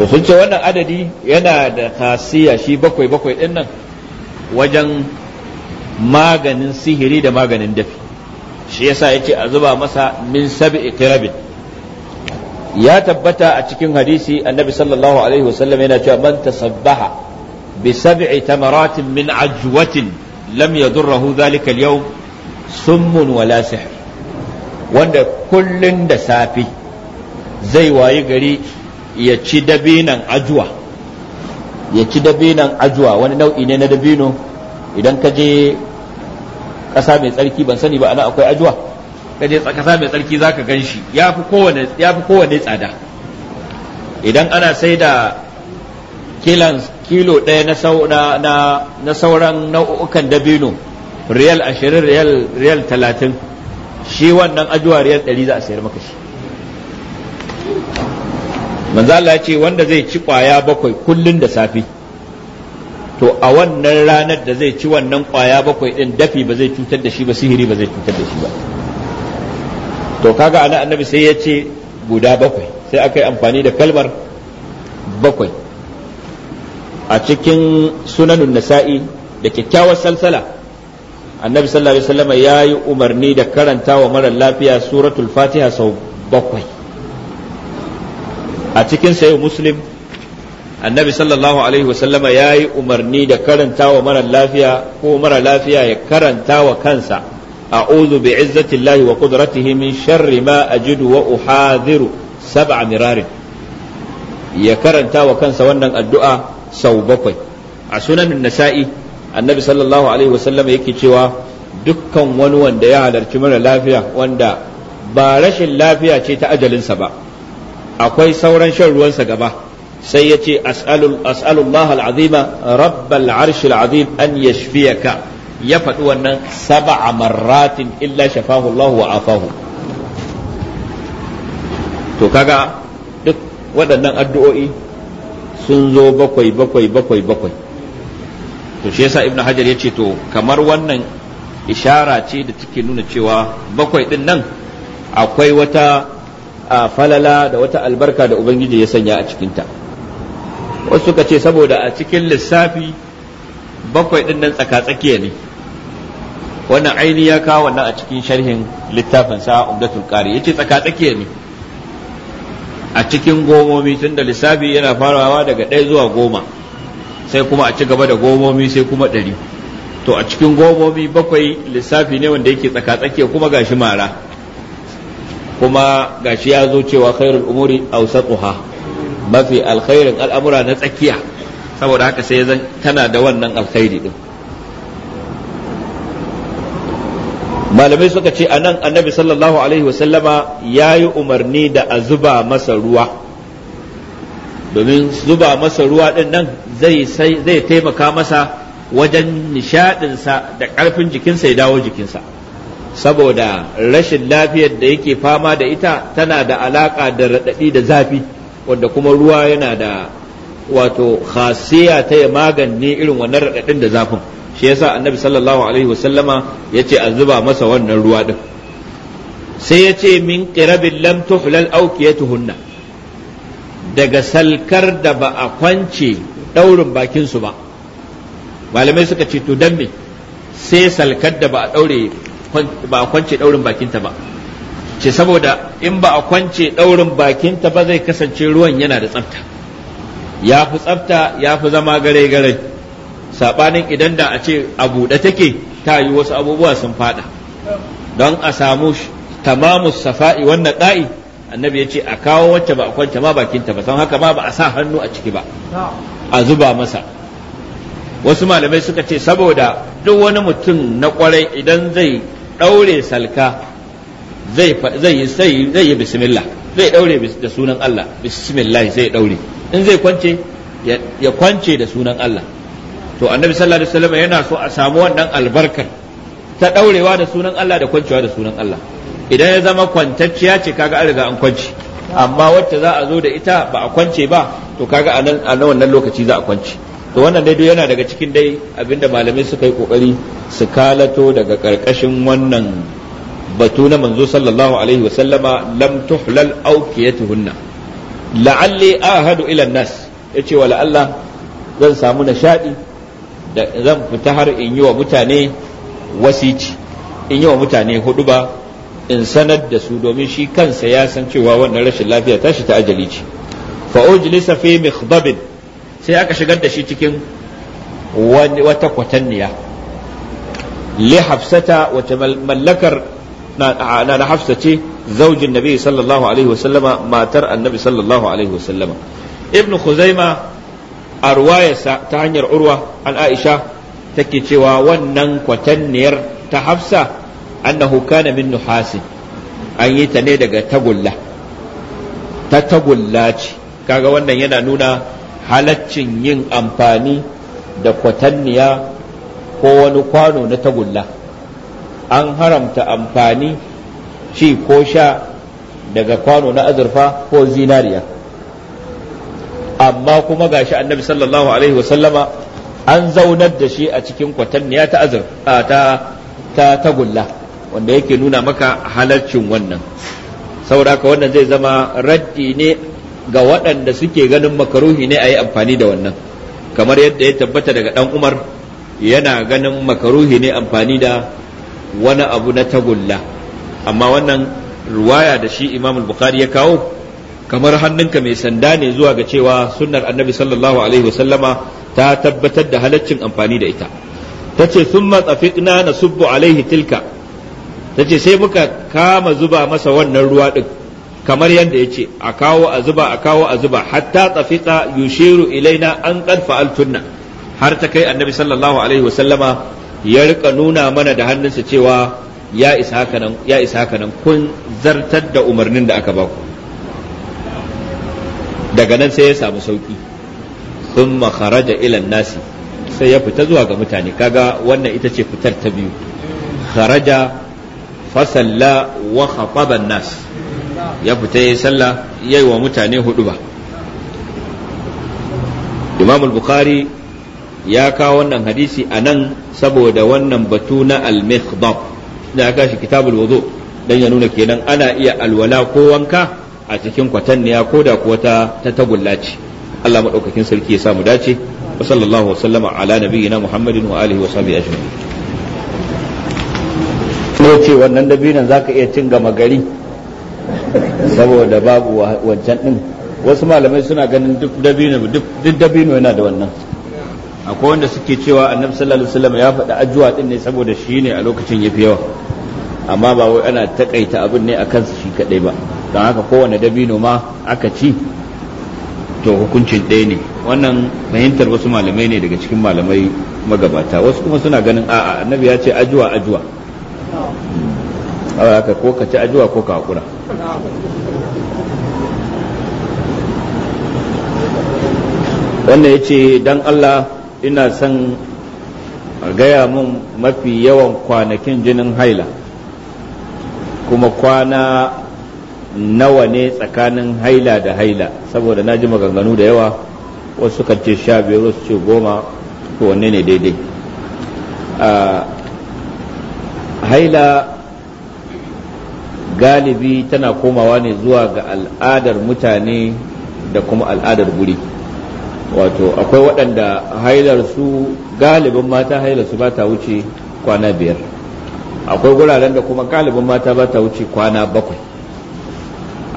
to sun ce wannan adadi yana da khasiya shi bakwai bakwai din nan wajen maganin sihiri da maganin dafi shi yasa yace a zuba masa min sab'i qirabin ya tabbata a cikin hadisi annabi sallallahu alaihi wasallam yana cewa man tasabbaha bi sab'i tamaratin min ajwatin lam yadurruhu dhalika al-yawm summun wala sihr wanda kullun da safi zai wayi gari ya ci dabinan ajuwa ya ci dabinan ajuwa wani nau'i ne na dabino idan ka je ƙasa mai tsarki ban sani ba ana akwai ajuwa ka je ƙasa mai tsarki za ka gan shi ya fi kowane tsada idan ana sai da kilo ɗaya na sauran nau'ukan dabino riyal ashirin riyal talatin shi wannan ajuwa riyal ɗari za a sayar maka shi manzo Allah ce wanda zai ci kwaya bakwai kullun da safe to a wannan ranar da zai ci wannan kwaya bakwai din dafi ba zai cutar da shi ba sihiri ba zai cutar da shi ba to kaga ana annabi sai ya ce guda bakwai sai aka yi amfani da kalmar bakwai a cikin sunanun nasa'i da kyakkyawar salsala annabi sallallahu alaihi wasallam ya yi umarni da karanta wa marar lafiya suratul fatiha sau bakwai a cikin sayo muslim annabi sallallahu alaihi wasallama ya yi umarni da karanta wa mara lafiya ko mara lafiya ya karanta wa kansa a bi izzatillahi wa qudratihi min sharri ma ajidu wa uhadhiru sab'a mirarin ya karanta wa kansa wannan addu'a sau bakwai a sunan nasa'i annabi sallallahu alaihi wasallama yake cewa dukkan wani wanda ya halarci mara lafiya wanda ba rashin lafiya ce ta ajalinsa ba akwai sauran shan ruwansa gaba sai ya ce as'alullah al'azima rabbal arshil azim an yashfiyaka ya faɗi wannan sab'a marratin illa shafahu Allah wa afahu to kaga duk waɗannan addu'o'i sun zo bakwai bakwai bakwai bakwai to shi yasa ibnu hajar ya ce to kamar wannan ishara ce da take nuna cewa bakwai ɗin nan akwai wata A falala da wata albarka da ubangiji ya sanya a cikinta wasu suka ce saboda a cikin lissafi bakwai ɗin nan tsakatsakiya ne wannan aini ya kawo wannan a cikin sharhin littafin sa umdatul qari yace tsakatsakiya ne a cikin gomomi tun da lissafi yana farawa daga ɗaya zuwa goma sai kuma a ci gaba da gomomi sai kuma ɗari to a cikin gomomi bakwai lissafi ne wanda yake tsakatsakiya kuma gashi mara kuma gashi ya zo cewa khairul umuri awsatuha mafi alkhairin al'amura na tsakiya saboda haka sai zan tana da wannan alkhairi din malamai suka ce anan annabi sallallahu alaihi wasallama ya yi umarni da a zuba masa ruwa domin zuba masa ruwa din nan zai taimaka masa wajen nishaɗinsa da karfin jikinsa ya dawo jikinsa saboda rashin lafiyar da yake fama da ita tana da alaƙa da raɗaɗi da zafi wanda kuma ruwa yana da wato khasiya ta ya magani irin wannan raɗaɗin da zafin shi yasa annabi sallallahu alaihi wasallama ya ce a zuba masa wannan ruwa ɗin. sai ya ce min qirabin lam tuhlal awqiyatuhunna daga salkar da ba a kwance ɗaurin bakinsu ba malamai suka ce to dan me sai salkar da ba a daure ba a kwance daurin bakinta ba ce saboda in ba a kwance daurin bakinta ba zai kasance ruwan yana da tsafta ya fi tsafta ya fi zama gare gare sabanin idan da a ce a buɗe take ta yi wasu abubuwa sun fada don a samu tamamus safa'i wannan da'i annabi ya ce a kawo wacce ba a kwance ma bakinta ba san haka ma ba a sa hannu a ciki ba a zuba masa wasu malamai suka ce saboda duk wani mutum na kwarai idan zai ɗaure salka zai yi bismillah zai ɗaure da sunan Allah bismillah zai ɗaure in zai kwance ya kwance da sunan Allah to annabi sallallahu alaihi wasallam yana so a samu wannan albarkar ta ɗaurewa da sunan Allah da kwancewa da sunan Allah idan ya zama kwantacciya ce kaga an riga an kwance amma wacce za a zo da ita ba a kwance ba to kaga a nan wannan lokaci za a kwance to wannan dai yana daga cikin dai abinda malamai suka yi kokari su kalato daga karkashin wannan batu na manzo sallallahu alaihi wa sallama lam tuhlal awqiyatuhunna la'alli ahadu ila nas yace cewa la'alla zan samu nishadi da zan fita har in yi wa mutane wasici in yi wa mutane hudu ba in sanar da su domin shi kansa ya san cewa wannan rashin lafiya tashi ta ajali ce fa ujlisa fi mikhdabin sai aka shigar da shi cikin wata kwatanniya li hafsata wata mallakar na na hafsa ce zaujin nabi sallallahu alaihi wasallama matar annabi sallallahu alaihi wasallama ibnu khuzaima a ruwayarsa ta hanyar urwa an aisha take cewa wannan kwatanniyar ta hafsa annahu kana min nuhasin an yi ta ne daga tagulla ta tagulla ce kaga wannan yana nuna halaccin yin amfani da kwatanniya ko wani kwano na tagulla an haramta amfani shi ko sha daga kwano na azurfa ko zinariya amma kuma gashi annabi sallallahu alaihi wasallama an zaunar da shi a cikin kwatanniya ta azurfa ta tagulla wanda yake nuna maka halarcin wannan saboda haka wannan zai zama raddi ne ga waɗanda suke ganin makaruhi ne a yi amfani da wannan kamar yadda ya tabbata daga ɗan umar yana ganin makaruhi ne amfani da wani abu na tagulla amma wannan ruwaya da shi imam bukhari ya kawo kamar hannunka mai sanda ne zuwa ga cewa sunnar annabi sallallahu alaihi wasallama ta tabbatar da halaccin amfani da ita ta ce sun matsafiƙna na subbu alaihi tilka ta ce sai muka kama zuba masa wannan ruwa ɗin kamar yadda ya ce a kawo a zuba a kawo a zuba hatta tsafiƙa yushiru ilaina an ƙad altunna har ta kai annabi sallallahu alaihi wasallama ya rika nuna mana da hannunsa cewa ya isa haka nan ya isa haka nan kun zartar da umarnin da aka baku daga nan sai ya samu sauki thumma kharaja ila nasi sai ya fita zuwa ga mutane kaga wannan ita ce fitar ta biyu kharaja fasalla wa khataba nas ya fita ya sallah ya yi wa mutane hudu ba imam bukhari ya kawo wannan hadisi a nan saboda wannan batu na al-mikhdab da aka shi kitabul wudu dan ya nuna kenan ana iya alwala ko wanka a cikin kwatanniya ko da kuwa ta tagulla ce Allah madaukakin sarki ya sa mu dace wa sallallahu wa sallama ala nabiyyina muhammadin wa alihi wa sahbihi ajma'in ce wannan dabinan zaka iya cin gama gari saboda babu wancan din wasu malamai suna ganin duk dabino duk dabino yana da wannan akwai wanda suke cewa annabi sallallahu alaihi wasallam ya faɗi ajuwa din ne saboda shi ne a lokacin yafi yawa amma ba wai ana takaita abin ne a kansa shi kadai ba don haka kowane dabino ma aka ci to hukuncin ɗaya ne wannan fahimtar wasu malamai ne daga cikin malamai magabata wasu kuma suna ganin a'a annabi ya ce ajuwa ajuwa haka ko ka ci ajuwa ko ka hakura wannan ya ce don Allah ina son gaya mun mafi yawan kwanakin jinin haila kuma kwana nawa ne tsakanin haila da haila saboda na ji maganganu da yawa wasu kan ce sha biyar wasu ce goma ko wanne ne daidai ah, haila galibi tana komawa ne zuwa ga al'adar mutane da kuma al'adar guri wato akwai waɗanda hailar su galibin mata hailar su ba ta wuce kwana biyar akwai guraren da kuma galibin mata ba ta wuce kwana bakwai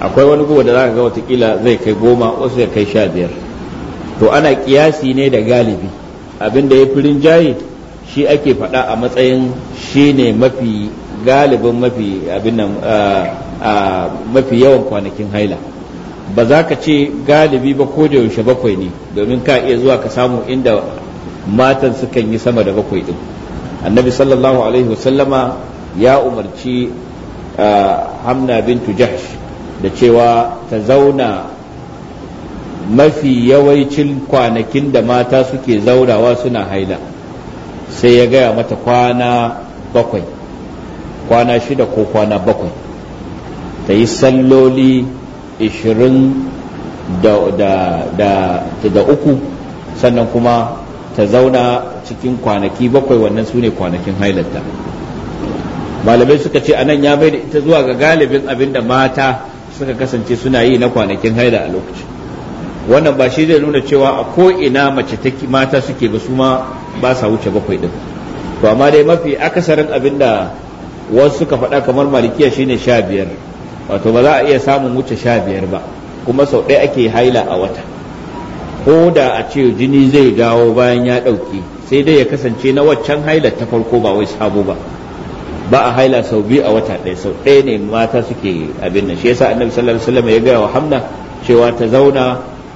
akwai wani gugu da za ka ga watakila zai kai goma wasu ya kai sha biyar to ana kiyasi ne da galibi abin da ya fi rinjaye shi ake faɗa a matsayin shi ne mafi galibin mafi abin nan mafi yawan kwanakin haila ba za ka ce galibi ba ko da yaushe bakwai ne domin ka iya zuwa ka samu inda matan sukan yi sama da bakwai din annabi sallallahu alaihi wasallama ya umarci hamna bintu jahsh da cewa ta zauna mafi yawaicin kwanakin da mata suke zaurawa suna haila sai ya gaya mata kwana bakwai kwana shida ko kwana bakwai ta yi salloli ishirin da uku sannan kuma ta zauna cikin kwanaki bakwai wannan su ne kwanakin hailarta malamai suka ce anan ya bai da ita zuwa ga galibin abin da mata suka kasance suna yi na kwanakin haila a lokaci wannan ba shi zai nuna cewa a ko'ina mace mata suke ba su ma ba sa wuce bakwai din to amma dai mafi akasarin abin da wasu suka faɗa kamar malikiya shine sha biyar wato ba za a iya samun wuce sha biyar ba kuma sau ɗaya ake haila a wata ko da a ce jini zai dawo bayan ya ɗauki sai dai ya kasance na waccan haila ta farko ba wai sabo ba ba a haila sau biyu a wata ɗaya sau ɗaya ne mata suke abin nan shi yasa annabi sallallahu alaihi wasallam ya gaya wa hamna cewa ta zauna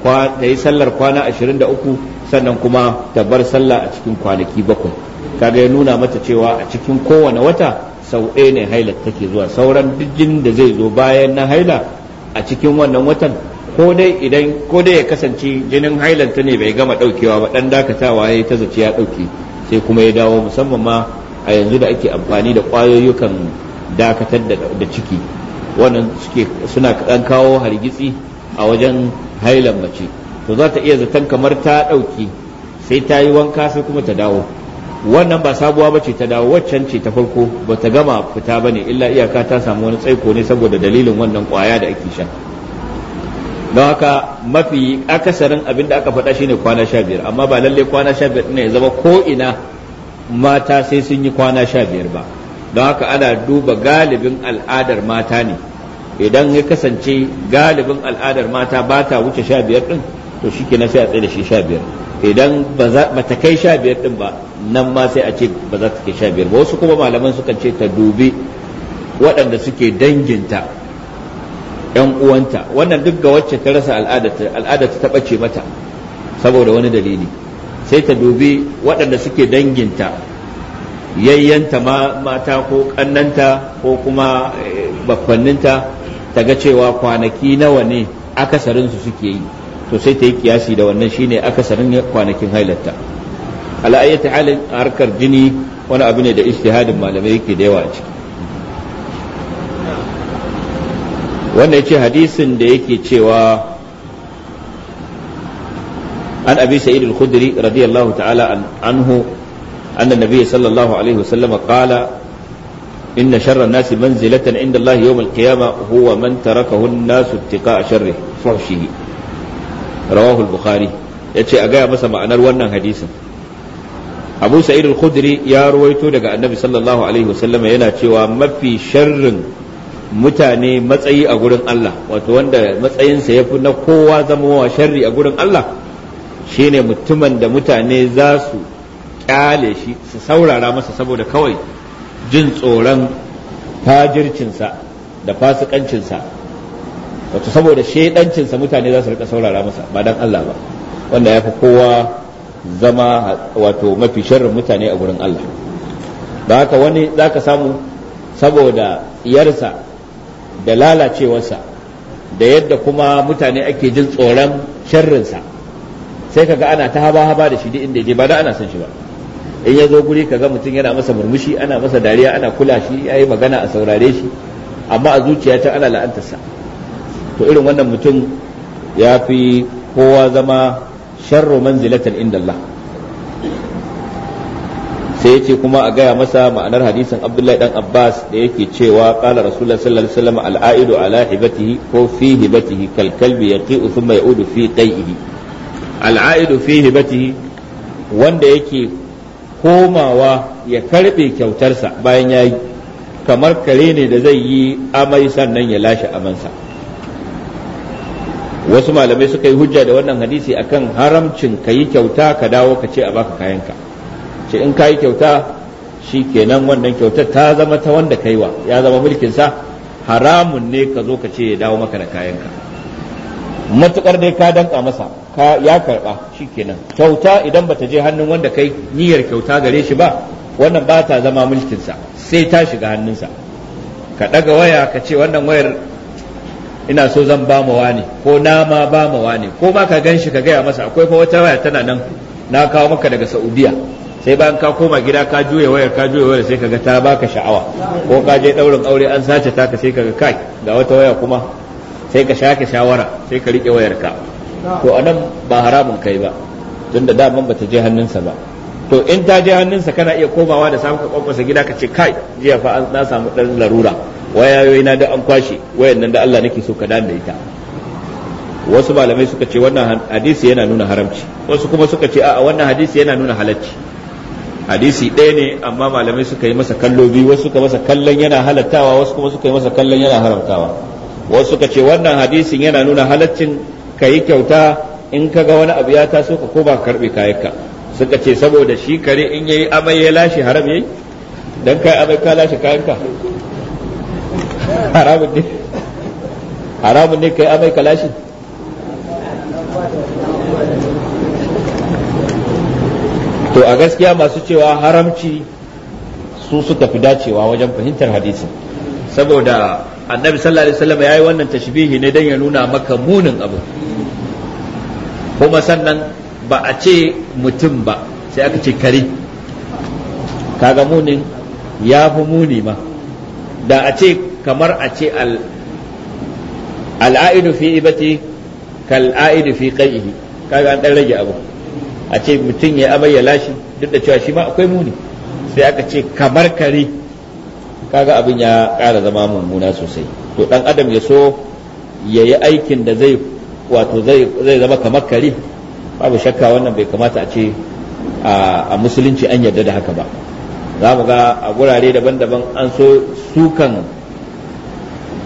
ta yi sallar kwana 23 sannan kuma ta bar sallah a cikin kwanaki bakwai kaga ya nuna mata cewa a cikin kowane wata sau ɗaya ne haila take zuwa sauran jinin da zai zo bayan na haila a cikin wannan watan ko dai idan ko dai ya kasance jinin hailan ta ne bai gama daukewa ba dan dakatawa ya ta zaci ya dauke sai kuma ya dawo musamman ma a yanzu da ake amfani da kwayoyukan dakatar da ciki wannan suke suna kan kawo hargitsi a wajen hailan mace to za ta iya zaton kamar ta dauke sai ta yi wanka sai kuma ta dawo wannan ba sabuwa ba ce ta dawo waccan ce ta farko ba ta gama fita ba ne illa iyaka ta samu wani tsaiko ne saboda dalilin wannan kwaya da ake sha don haka mafi akasarin abin da aka faɗa shine kwana sha biyar amma ba lalle kwana sha biyar ne ya zama ko ina mata sai sun yi kwana sha biyar ba don haka ana duba galibin al'adar mata ne idan ya kasance galibin al'adar mata ba ta wuce sha biyar ɗin to shi kenan sai a tsaye da shi sha biyar idan ba ta kai sha biyar din ba nan ma sai a ce ba za ta kai sha biyar ba wasu kuma malaman suka ce ta dubi waɗanda suke danginta ‘yan uwanta wannan duk ga wacce ta rasa al'adar ta ɓace mata saboda wani dalili sai ta dubi waɗanda suke danginta yayyanta mata ko ƙannanta ko kuma eh, bakwanninta ta ga cewa kwanaki nawa ne akasarinsu suke yi to sai ta yi kiyasi da wannan shine akasarin kwanakin hailarta ala ayyati halin harkar jini wani abu ne da ijtihadin malamai yake da yawa a ciki wanda ce hadisin da yake cewa an abi sa'id al-khudri radiyallahu ta'ala anhu anna nabiyyi sallallahu alaihi wasallam qala nasi شر الناس منزلة عند الله يوم القيامة هو من تركه الناس اتقاء شره فحشه rawahu al-bukhari yace a gaya masa ma'anar wannan hadisin abu sa'id al-khudri ya ruwaito daga annabi sallallahu alaihi wasallam yana cewa mafi sharrin mutane matsayi a gurin Allah wato wanda matsayinsa ya fi na kowa zama wa sharri a gurin Allah shine mutumin da mutane za su kyale shi su saurara masa saboda kawai jin tsoron fajircinsa da fasikancinsa wato saboda shaidancinsa mutane za su rika saurara masa ba dan Allah ba wanda ya fi kowa zama wato mafi sharrin mutane a gurin Allah Ba haka wani za ka samu saboda yarsa da lalacewarsa da yadda kuma mutane ake jin tsoron sharrinsa sai kaga ana ta haba-haba da shi duk inda je ba da ana son shi ba in ya zo guri kaga mutum yana masa murmushi ana masa dariya ana kula shi yayi magana a saurare shi amma a zuciya ta ana la'antarsa to irin wannan mutum ya fi kowa zama sharro manzilatan inda Allah sai ya ce kuma a gaya masa ma'anar hadisin abdullahi dan abbas da yake cewa kala rasulullah sallallahu alaihi wasallam al'aidu ala hibatihi ko fi hibatihi kal kalbi yaqi'u thumma ya'udu fi qai'ihi al'aidu fi hibatihi wanda yake komawa ya karbe kyautarsa bayan ya yi kamar kare ne da zai yi amai sannan ya lashe amansa wasu malamai suka yi hujja da wannan hadisi akan haramcin ka yi kyauta ka dawo ka ce a baka kayanka ce in ka yi kyauta shi kenan wannan kyautar ta zama ta wanda ka wa ya zama mulkinsa haramun ne ka zo ka ce ya dawo maka da kayanka matukar dai ka danka masa ya karba shi kenan kyauta idan bata je hannun wanda kai niyyar kyauta gare shi ba wannan ba ta zama mulkinsa sai ta shiga hannunsa ka ɗaga waya ka ce wannan wayar ina so zan ba mawa ne ko nama ba mawa ne ko ba ka ganshi ka gaya masa akwai fa wata waya tana nan na kawo maka daga Saudiya sai bayan ka koma gida ka juya wayar ka juya wayar sai kaga ta baka sha'awa ko ka je daurin aure an sace ta ka sai kaga kai ga wata waya kuma sai ka shake shawara sai ka rike wayar ka to anan ba haramun kai ba tunda daman bata je hannunsa ba to in ta je hannunsa kana iya komawa da samun ka kwakwasa gida ka ce kai jiya fa na samu dan larura wayayoyi na da an kwashe nan da Allah nake so ka da ita wasu malamai suka ce wannan hadisi yana nuna haramci wasu kuma suka ce a wannan hadisi yana nuna halacci hadisi ɗaya ne amma malamai suka yi masa kallo biyu wasu suka masa kallon yana halattawa wasu kuma suka yi masa kallon yana haramtawa wasu suka ce wannan hadisin yana nuna halaccin ka yi kyauta in ka ga wani abu ya taso ka ko ba ka karbe kayanka suka ce saboda shi kare in yayi amai ya lashe haram yayi dan kai amai ka lashe kayanka haramun ne haramun ne kai amai kalashi to a gaskiya masu cewa haramci su suka fi dacewa wajen fahimtar hadisi. saboda annabi sallallahu alaihi wasallam yayi wannan tashbihi ne dan ya nuna maka munin abu kuma sannan ba a ce mutum ba sai aka ce kare kaga munin ya fi muni ma da a ce kamar a ce al'a'idu fi ibati kal'a'idu fi qaihi kaga an ɗan rage abu a ce mutum ya amai ya lashi duk da cewa shi ma akwai muni sai aka ce kamar kare kaga abin ya ƙara zama mummuna sosai to ɗan adam ya so ya yi aikin da zai wato zai zama kamar kare babu shakka wannan bai kamata a ce a musulunci an yarda da haka ba za mu ga a gurare daban-daban an so sukan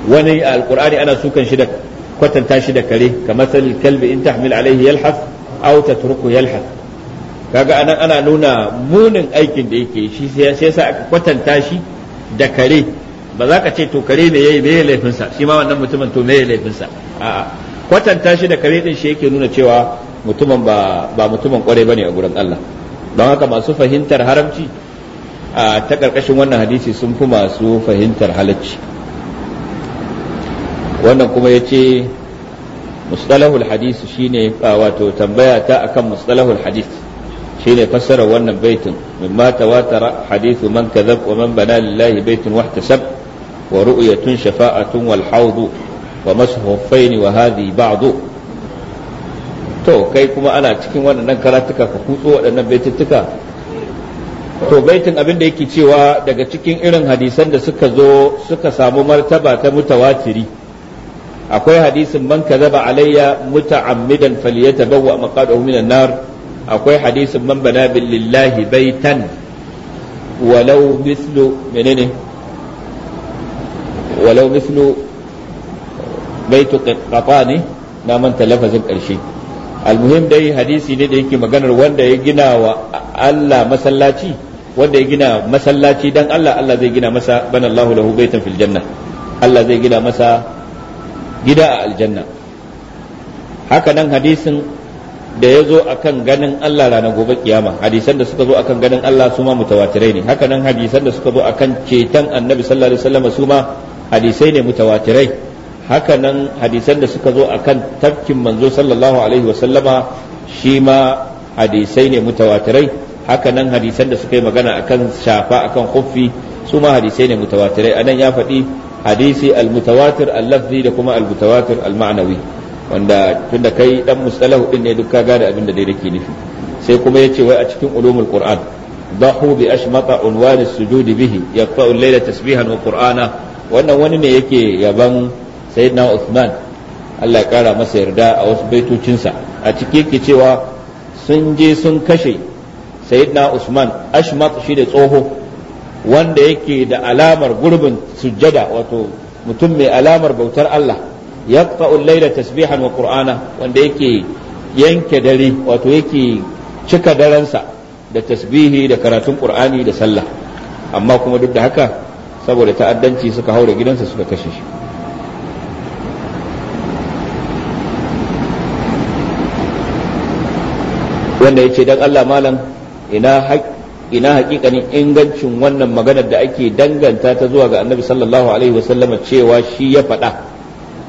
wani alqur'ani ana sukan shi da kwatanta shi da kare kamar salil kalbi in tahmil alaihi yalhas aw tatruku yalhas kaga anan ana nuna munin aikin da yake shi sai yasa aka kwatanta shi da kare ba za ka ce to kare ne yayi bai laifin sa shi ma wannan mutumin to me laifin sa a kwatanta shi da kare din shi yake nuna cewa mutumin ba ba mutumin kware bane a gurin Allah don haka masu fahimtar haramci a ta karkashin wannan hadisi sun fi masu fahimtar halacci wannan kuma ya ce mustalahul hadis shine wato tambaya ta akan mustalahul hadis shine fassara wannan baitin mimma tawatara hadithu man kadhab wa man bana lillahi baitun wahtasab wa ru'yatun shafa'atun wal hawd wa mashhuffain wa hadhi ba'du to kai kuma ana cikin waɗannan karatuka ka kutso waɗannan baituttuka to baitin abin da yake cewa daga cikin irin hadisan da suka zo suka samu martaba ta mutawatiri akwai hadisin man kazaba alayya muta'ammidan falyatabawwa maqadahu minan nar akwai hadisin man bana billahi baitan walau mislu menene walau mislu baitu qatani na manta lafazin karshe almuhim dai hadisi ne da yake maganar wanda ya gina wa Allah masallaci wanda ya gina masallaci dan Allah Allah zai gina masa banallahu lahu baitan fil janna Allah zai gina masa gida a aljanna haka nan hadisin da ya zo a kan ganin Allah ranar gobe kiyama hadisan da suka zo a kan ganin Allah su ma mutawatirai ne haka nan hadisan da suka zo a kan ceton annabi sallallahu alaihi wasallam su ma hadisai ne mutawatirai haka nan hadisan da suka zo a kan tafkin manzo sallallahu alaihi wasallama shi ma hadisai ne mutawatirai haka nan hadisan da suka yi magana akan shafa akan kuffi su ma hadisai ne mutawatirai anan ya faɗi hadisi almutawatir allafzi da kuma almutawatir al-ma'nawi wanda tunda kai dan mustalahu din ne duk ka gane abin da dai yake nufi sai kuma yace wai a cikin ulumul qur'an ضحوا بأشمط bihi السجود به da الليل wa وقرآنا wannan wani ne yake yaban sayyidina usman. Allah ya kara masa yarda a wasu baitocinsa a ciki yake cewa sun je sun kashe sayyidina Usman ashmat shi da tsoho wanda yake da alamar gurbin sujjada wato mutum mai alamar bautar Allah yaqta'u al-layla tasbihan wa qur'ana wanda yake yanke dare wato yake cika darensa da tasbihi da karatun qur'ani da sallah amma kuma duk da haka saboda ta'addanci suka haura gidansa suka kashe shi wanda yace dan Allah malam ina haƙƙi ina hakikanin ingancin wannan maganar da ake danganta ta zuwa ga annabi sallallahu alaihi wasallama cewa shi ya faɗa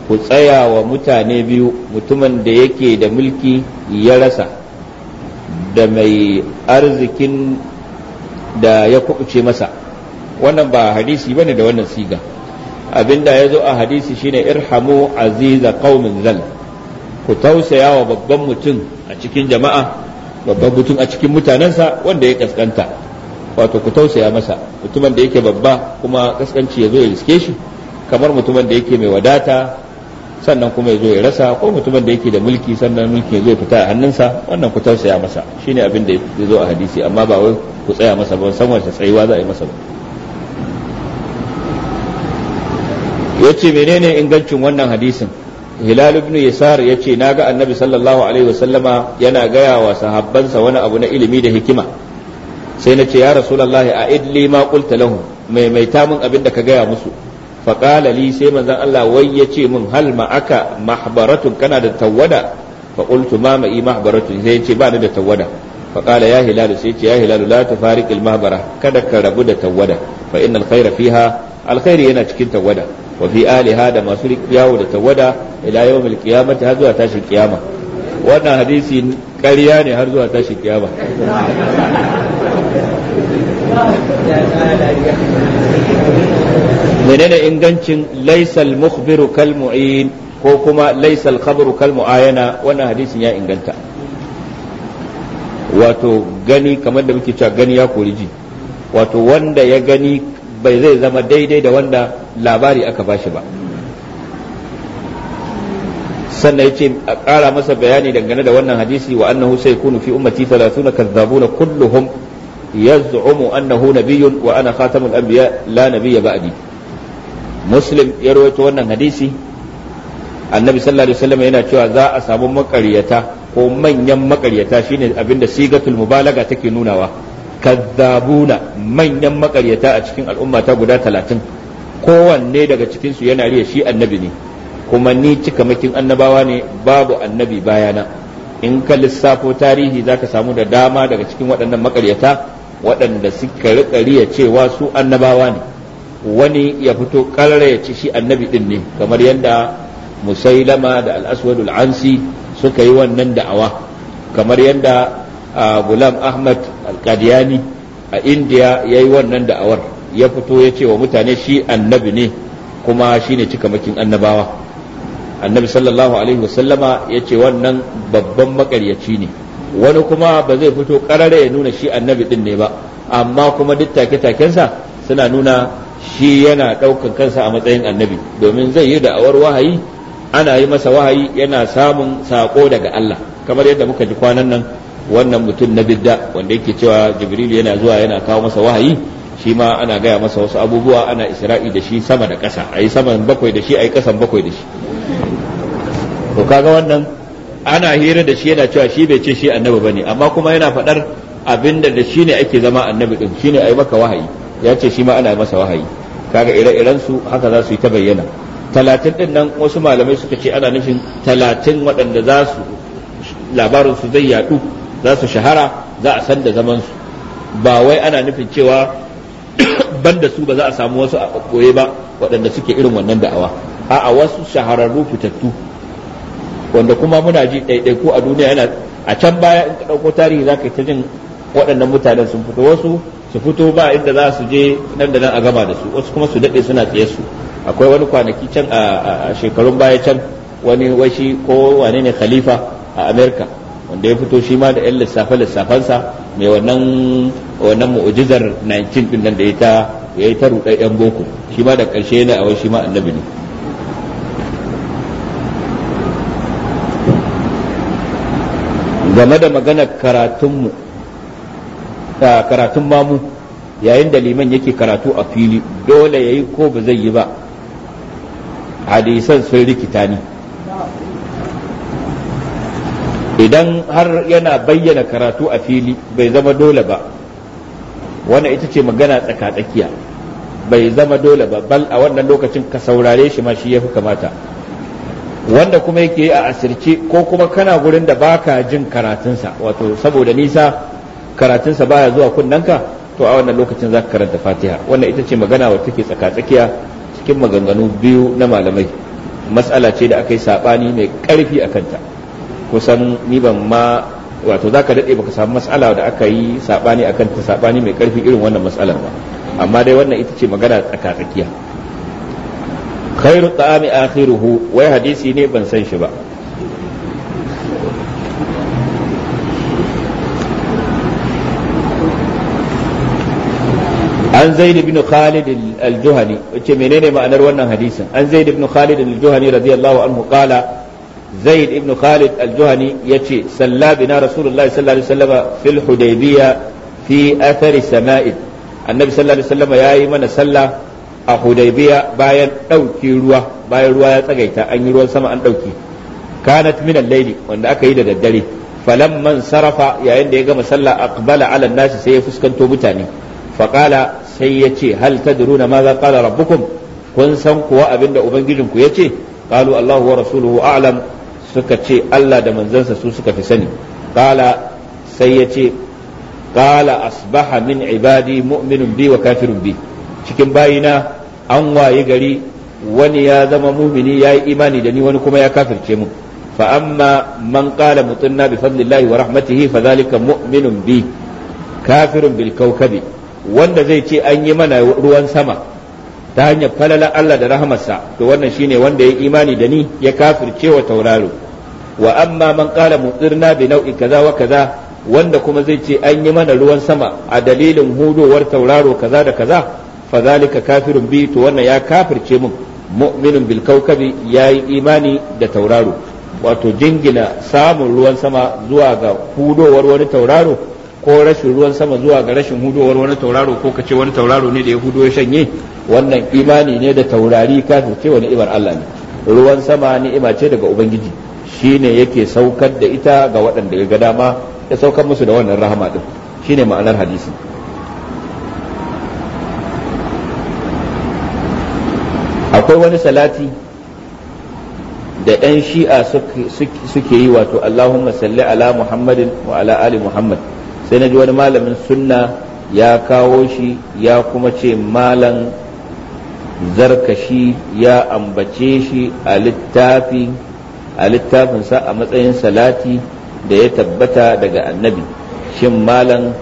ku tsaya wa mutane biyu mutumin da yake da mulki ya rasa da mai arzikin da ya kuɓuce masa wannan ba hadisi ba ne da wannan siga abinda ya zo a hadisi shine irhamu aziza qaumin zal ku tausaya wa babban mutum a cikin jama'a babban mutum a cikin mutanensa wanda ya kaskanta wato ku tausaya masa mutumin da yake babba kuma kaskanci ya zo ya riske shi kamar mutumin da yake mai wadata sannan kuma ya zo ya rasa ko mutumin da yake da mulki sannan mulki ya zo ya fita a hannunsa wannan ku tausaya masa shine abin da ya zo a hadisi amma ba wai ku tsaya masa ba san wace tsayuwa za a yi masa ba yace menene ingancin wannan hadisin hilal ibn yasar ya ce na ga annabi sallallahu alaihi wasallama yana gaya wa sahabbansa wani abu na ilimi da hikima sai na ce ya rasu rasulullahi a idli ma qulta lahum mai mai tamun abin da ka gaya musu fa qala li sai manzon Allah wai ya ce min hal ma aka mahbaratun kana da tawada fa qultu mahbaratun ya ce ba da tawada fa qala ya hilal sai ya ce ya hilal la tufariq al kada ka rabu da tawada fa innal khayra fiha alkhairi yana cikin tawada wa fi aliha da masu yawo da tawada ila yawmil qiyamati har zuwa tashin kiyama wannan hadisi ƙarya ne har zuwa tashin kiyama menene ingancin laisal mukhbiru kal mu'in ko kuma laisal khabaru kal mu'ayana wannan hadisin ya inganta wato gani kamar da muke cewa gani ya kori ji wato wanda ya gani bai zai zama daidai da wanda labari aka bashi ba sannan yace a ƙara masa bayani dangane da wannan hadisi wa annahu sai kunu fi ummati 30 kadzabuna kulluhum yaz'umu annahu nabiyyun wa ana khatamul anbiya la nabiyya ba'di muslim ya rawaito wannan hadisi annabi sallallahu alaihi wasallam yana cewa za a samu makaryata ko manyan makaryata shine abinda sigatul mubalaga take nunawa kazzabuna manyan makaryata a cikin al'umma ta guda talatin kowanne daga cikinsu yana riya shi annabi ne kuma ni cika makin annabawa ne babu annabi bayana in ka lissafo tarihi za ka samu da dama daga cikin waɗannan makaryata waɗanda suka riƙa riya cewa su annabawa ne wani ya fito ƙarara ya ci shi annabi ɗin ne kamar yadda musailama da al'aswadul ansi suka yi wannan da'awa kamar yadda gulam ahmad alkadiyani a indiya ya yi wannan da'awar ya fito ya ce wa mutane shi annabi ne kuma shi ne makin annabawa annabi sallallahu alaihi wasallama ya ce wannan babban makaryaci ne wani kuma ba zai fito karara ya nuna shi annabi din ne ba amma kuma duk take-takensa suna nuna shi yana ɗaukan kansa a matsayin annabi domin zai yi da'awar wahayi ana yi masa wahayi yana samun saƙo daga Allah kamar yadda muka ji kwanan nan wannan mutum na bidda wanda yake cewa jibril yana zuwa yana kawo masa wahayi shi ma ana gaya masa wasu abubuwa ana isra'i da shi sama da ƙasa a yi saman bakwai da shi a yi ƙasan bakwai da shi to kaga wannan ana hira da shi yana cewa shi bai ce shi annabi bane amma kuma yana faɗar abinda da shi ne ake zama annabi din shine ayi maka wahayi ya ce shi ma ana masa wahayi kaga ire-iren su haka za su yi ta bayyana talatin din nan wasu malamai suka ce ana nufin talatin waɗanda za su labarin su zai yaɗu za su shahara za a san da zaman su ba wai ana nufin cewa ban da su ba za a samu wasu a koye ba waɗanda suke irin wannan da'awa a wasu shahararru fitattu wanda kuma muna ji ɗaiɗaiku a duniya yana a can baya in ka ɗauko tarihi za ka ta jin waɗannan mutanen sun fito wasu su fito ba inda za su je nan da nan a gama da su wasu kuma su daɗe suna tsaye su akwai wani kwanaki can a shekarun baya can wani washi ko wane ne khalifa a amerika wanda ya fito shi ma da yan lissafe lissafansa mai wannan wannan 19 din nan da ya ta ya yi ta rudai yan boko shi ma da karshe yana a shi ma annabi ne game da maganar karatunmu karatun mamu yayin da liman yake karatu a fili dole ya yi ko ba zai yi ba hadisan sun rikita ni idan har yana bayyana karatu a fili bai zama dole ba wannan ita ce magana tsakatsakiya bai zama dole ba bal a wannan lokacin ka saurare shi ma shi ya fi kamata wanda kuma yake a asirce ko kuma kana gurin da baka jin karatunsa wato saboda nisa karatunsa baya zuwa kunnanka to a wannan lokacin za ka karanta fatiha wannan ita ce magana wacce take tsakatsakiya cikin maganganu biyu na malamai matsala ce da aka yi saɓani mai ƙarfi a kanta kusan ni ban ma wato za ka daɗe baka samu matsala da aka yi saɓani akan ta saɓani mai ƙarfi irin wannan matsalar ba amma dai wannan ita ce magana tsakatsakiya khairu ta'ami akhiruhu wai hadisi ne ban san shi ba an zaid ibn khalid al-juhani ce menene ma'anar wannan hadisin an zaid ibn khalid al-juhani radiyallahu anhu qala zaid ibn khalid al-juhani yace salla bina rasulullahi sallallahu alaihi wasallam fi athari sama'id annabi sallallahu alaihi wasallam yayi mana sallah a hudaybiya bayan ɗauki ruwa bayan ruwa ya tsagaita an yi ruwan sama an ɗauki. kanat mina al wanda aka yi da daddare falamman sarafa yayin da ya gama sallah aqbala ala nasi sai ya fuskanto mutane faqala sai ya ce hal tadruna ma za qala rabbukum kun san kuwa abinda ubangijinku ya ce qalu allahu wa rasuluhu a'lam suka ce Allah da manzansa su suka fi sani kala sai ya ce kala asbaha min ibadi mu'minun bi wa kafirun bi cikin bayina an waye gari wani ya zama mumini ya yi imani da ni wani kuma ya kafirce mu fa amma man qala mutunna bi fadlillahi wa rahmatihi fa zalika mu'minun bi kafirun bil kawkabi wanda zai ce an yi mana ruwan sama ta hanyar falalan Allah da rahamarsa to wannan shine wanda ya imani da ni ya kafirce wa tauraro wa amma man qala mutirna bi nau'i kaza wa kaza wanda kuma zai ce an yi mana ruwan sama a dalilin hudowar tauraro kaza da kaza fa zalika kafirun bi to wannan ya kafirce mun mu'minun bil kawkabi yayi imani da tauraro wato jingina samun ruwan sama zuwa ga hudowar wani tauraro ko rashin ruwan sama zuwa ga rashin hudowar wani tauraro ko kace wani tauraro ne da ya hudo ya shanye wannan imani ne da taurari kafirce wani ibar Allah ne ruwan sama ni'ima ce daga ubangiji shi ne yake saukar da ita ga waɗanda ya ga dama ya saukar musu da wannan rahama ɗin shi ne ma'anar hadisi akwai wani salati da 'yan shi'a suke yi wato Allahumma salli ala Muhammadin wa ala ali Muhammad sai na ji wani malamin sunna ya kawo shi ya kuma ce malam zarkashi ya ambace shi a littafi a littafinsa a matsayin salati da ya tabbata daga annabi shin malan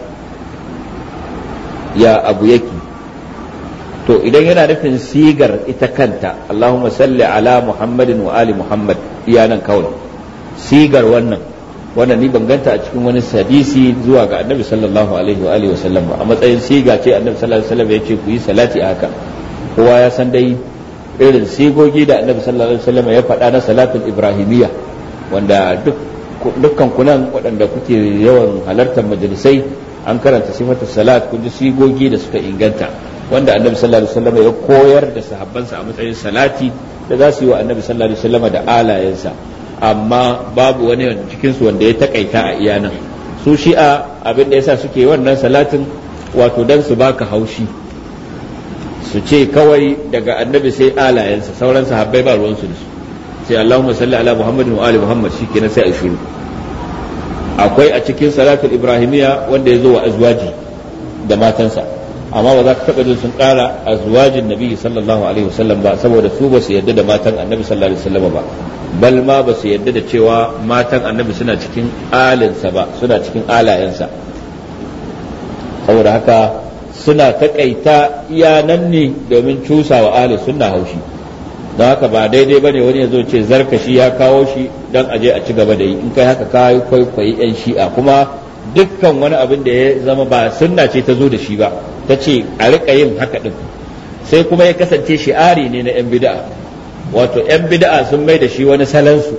ya abu yake to idan yana nufin sigar ita kanta Allahumma salli ala Muhammadin wa ali Muhammad iya nan kawai sigar wannan wannan ni banganta a cikin wani hadisi zuwa ga Annabi sallallahu alaihi wa alihi wasallam a matsayin siga ce Annabi sallallahu alaihi wasallam ya ce ku yi salati a haka kowa ya san dai irin sigogi da annabi sallallahu alaihi wasallam ya faɗa na salatul ibrahimiyya wanda dukkan kunan waɗanda kuke yawan halartar majalisai an karanta sifatu salat kun ji sigogi da suka inganta wanda annabi sallallahu alaihi wasallam ya koyar da sahabbansa a matsayin salati da za su yi wa annabi sallallahu alaihi wasallam da alayensa amma babu wani cikin su wanda ya takaita a iyanan su shi'a abin da yasa suke wannan salatin wato dan su baka haushi su ce kawai daga annabi sai alayensa sauran sahabbai ba ruwansu da su sai Allahumma salli ala Muhammadin wa ali Muhammad shikenan sai a shiru akwai a cikin salatul ibrahimiya wanda ya zo wa azwaji da matansa amma ba za ka taɓa jin sun ƙara azwajin nabi sallallahu alaihi wasallam ba saboda su ba su yadda da matan annabi sallallahu alaihi wasallam ba bal ma ba su yadda da cewa matan annabi suna cikin alinsa ba suna cikin alayensa saboda haka suna takaita iyanan ne domin cusa wa ahli sunna haushi don haka ba daidai ba ne wani ya zo ce shi ya kawo shi don aje a ci gaba da yi in kai haka kayi kwaikwayi yan shi'a kuma dukkan wani abin da ya zama ba sunna ce ta zo da shi ba ta ce a riƙa yin haka din. sai kuma ya kasance shi'ari ne na 'yan bida'a wato 'yan bida'a sun mai da shi wani salansu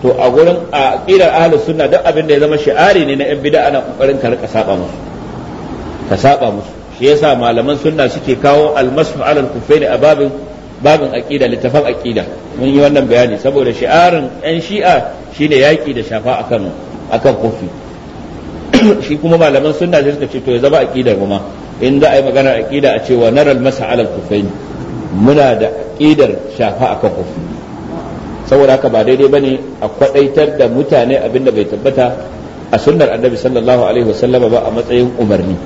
to a gurin a ƙirar ahli sunna duk abin da ya zama shi'ari ne na 'yan bida'a na ƙoƙarin ka riƙa saba musu ka saba musu shi yasa malaman sunna suke kawo almasu alal ne a babin babin aqida littafan aqida mun yi wannan bayani saboda shi'arin yan shi'a shine yaki da shafa akan akan kofi shi kuma malaman sunna sai suka ce to ya zama aqida kuma in za a yi magana aqida a cewa naral masa alal kufaini muna da aqidar shafa akan kofi saboda haka ba daidai bane a kwadaitar da mutane abinda bai tabbata a sunnar annabi sallallahu alaihi wasallama ba a matsayin umarni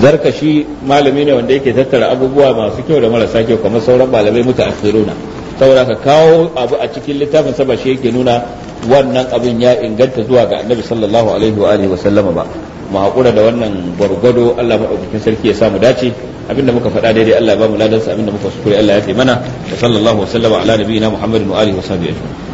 zarkashi malami ne wanda yake tattara abubuwa masu kyau da marasa kyau kamar sauran malamai muta akhiruna saboda ka kawo abu a cikin littafin sa ba shi yake nuna wannan abin ya inganta zuwa ga annabi sallallahu alaihi wa alihi wa sallama ba mu hakura da wannan gwargwado Allah maɗaukakin sarki ya samu dace abinda muka faɗa daidai Allah ya ba mu ladansa abinda muka kuskure Allah ya fi mana sallallahu sallallahu wa sallama ala nabiyina Muhammadin wa alihi wa sahbihi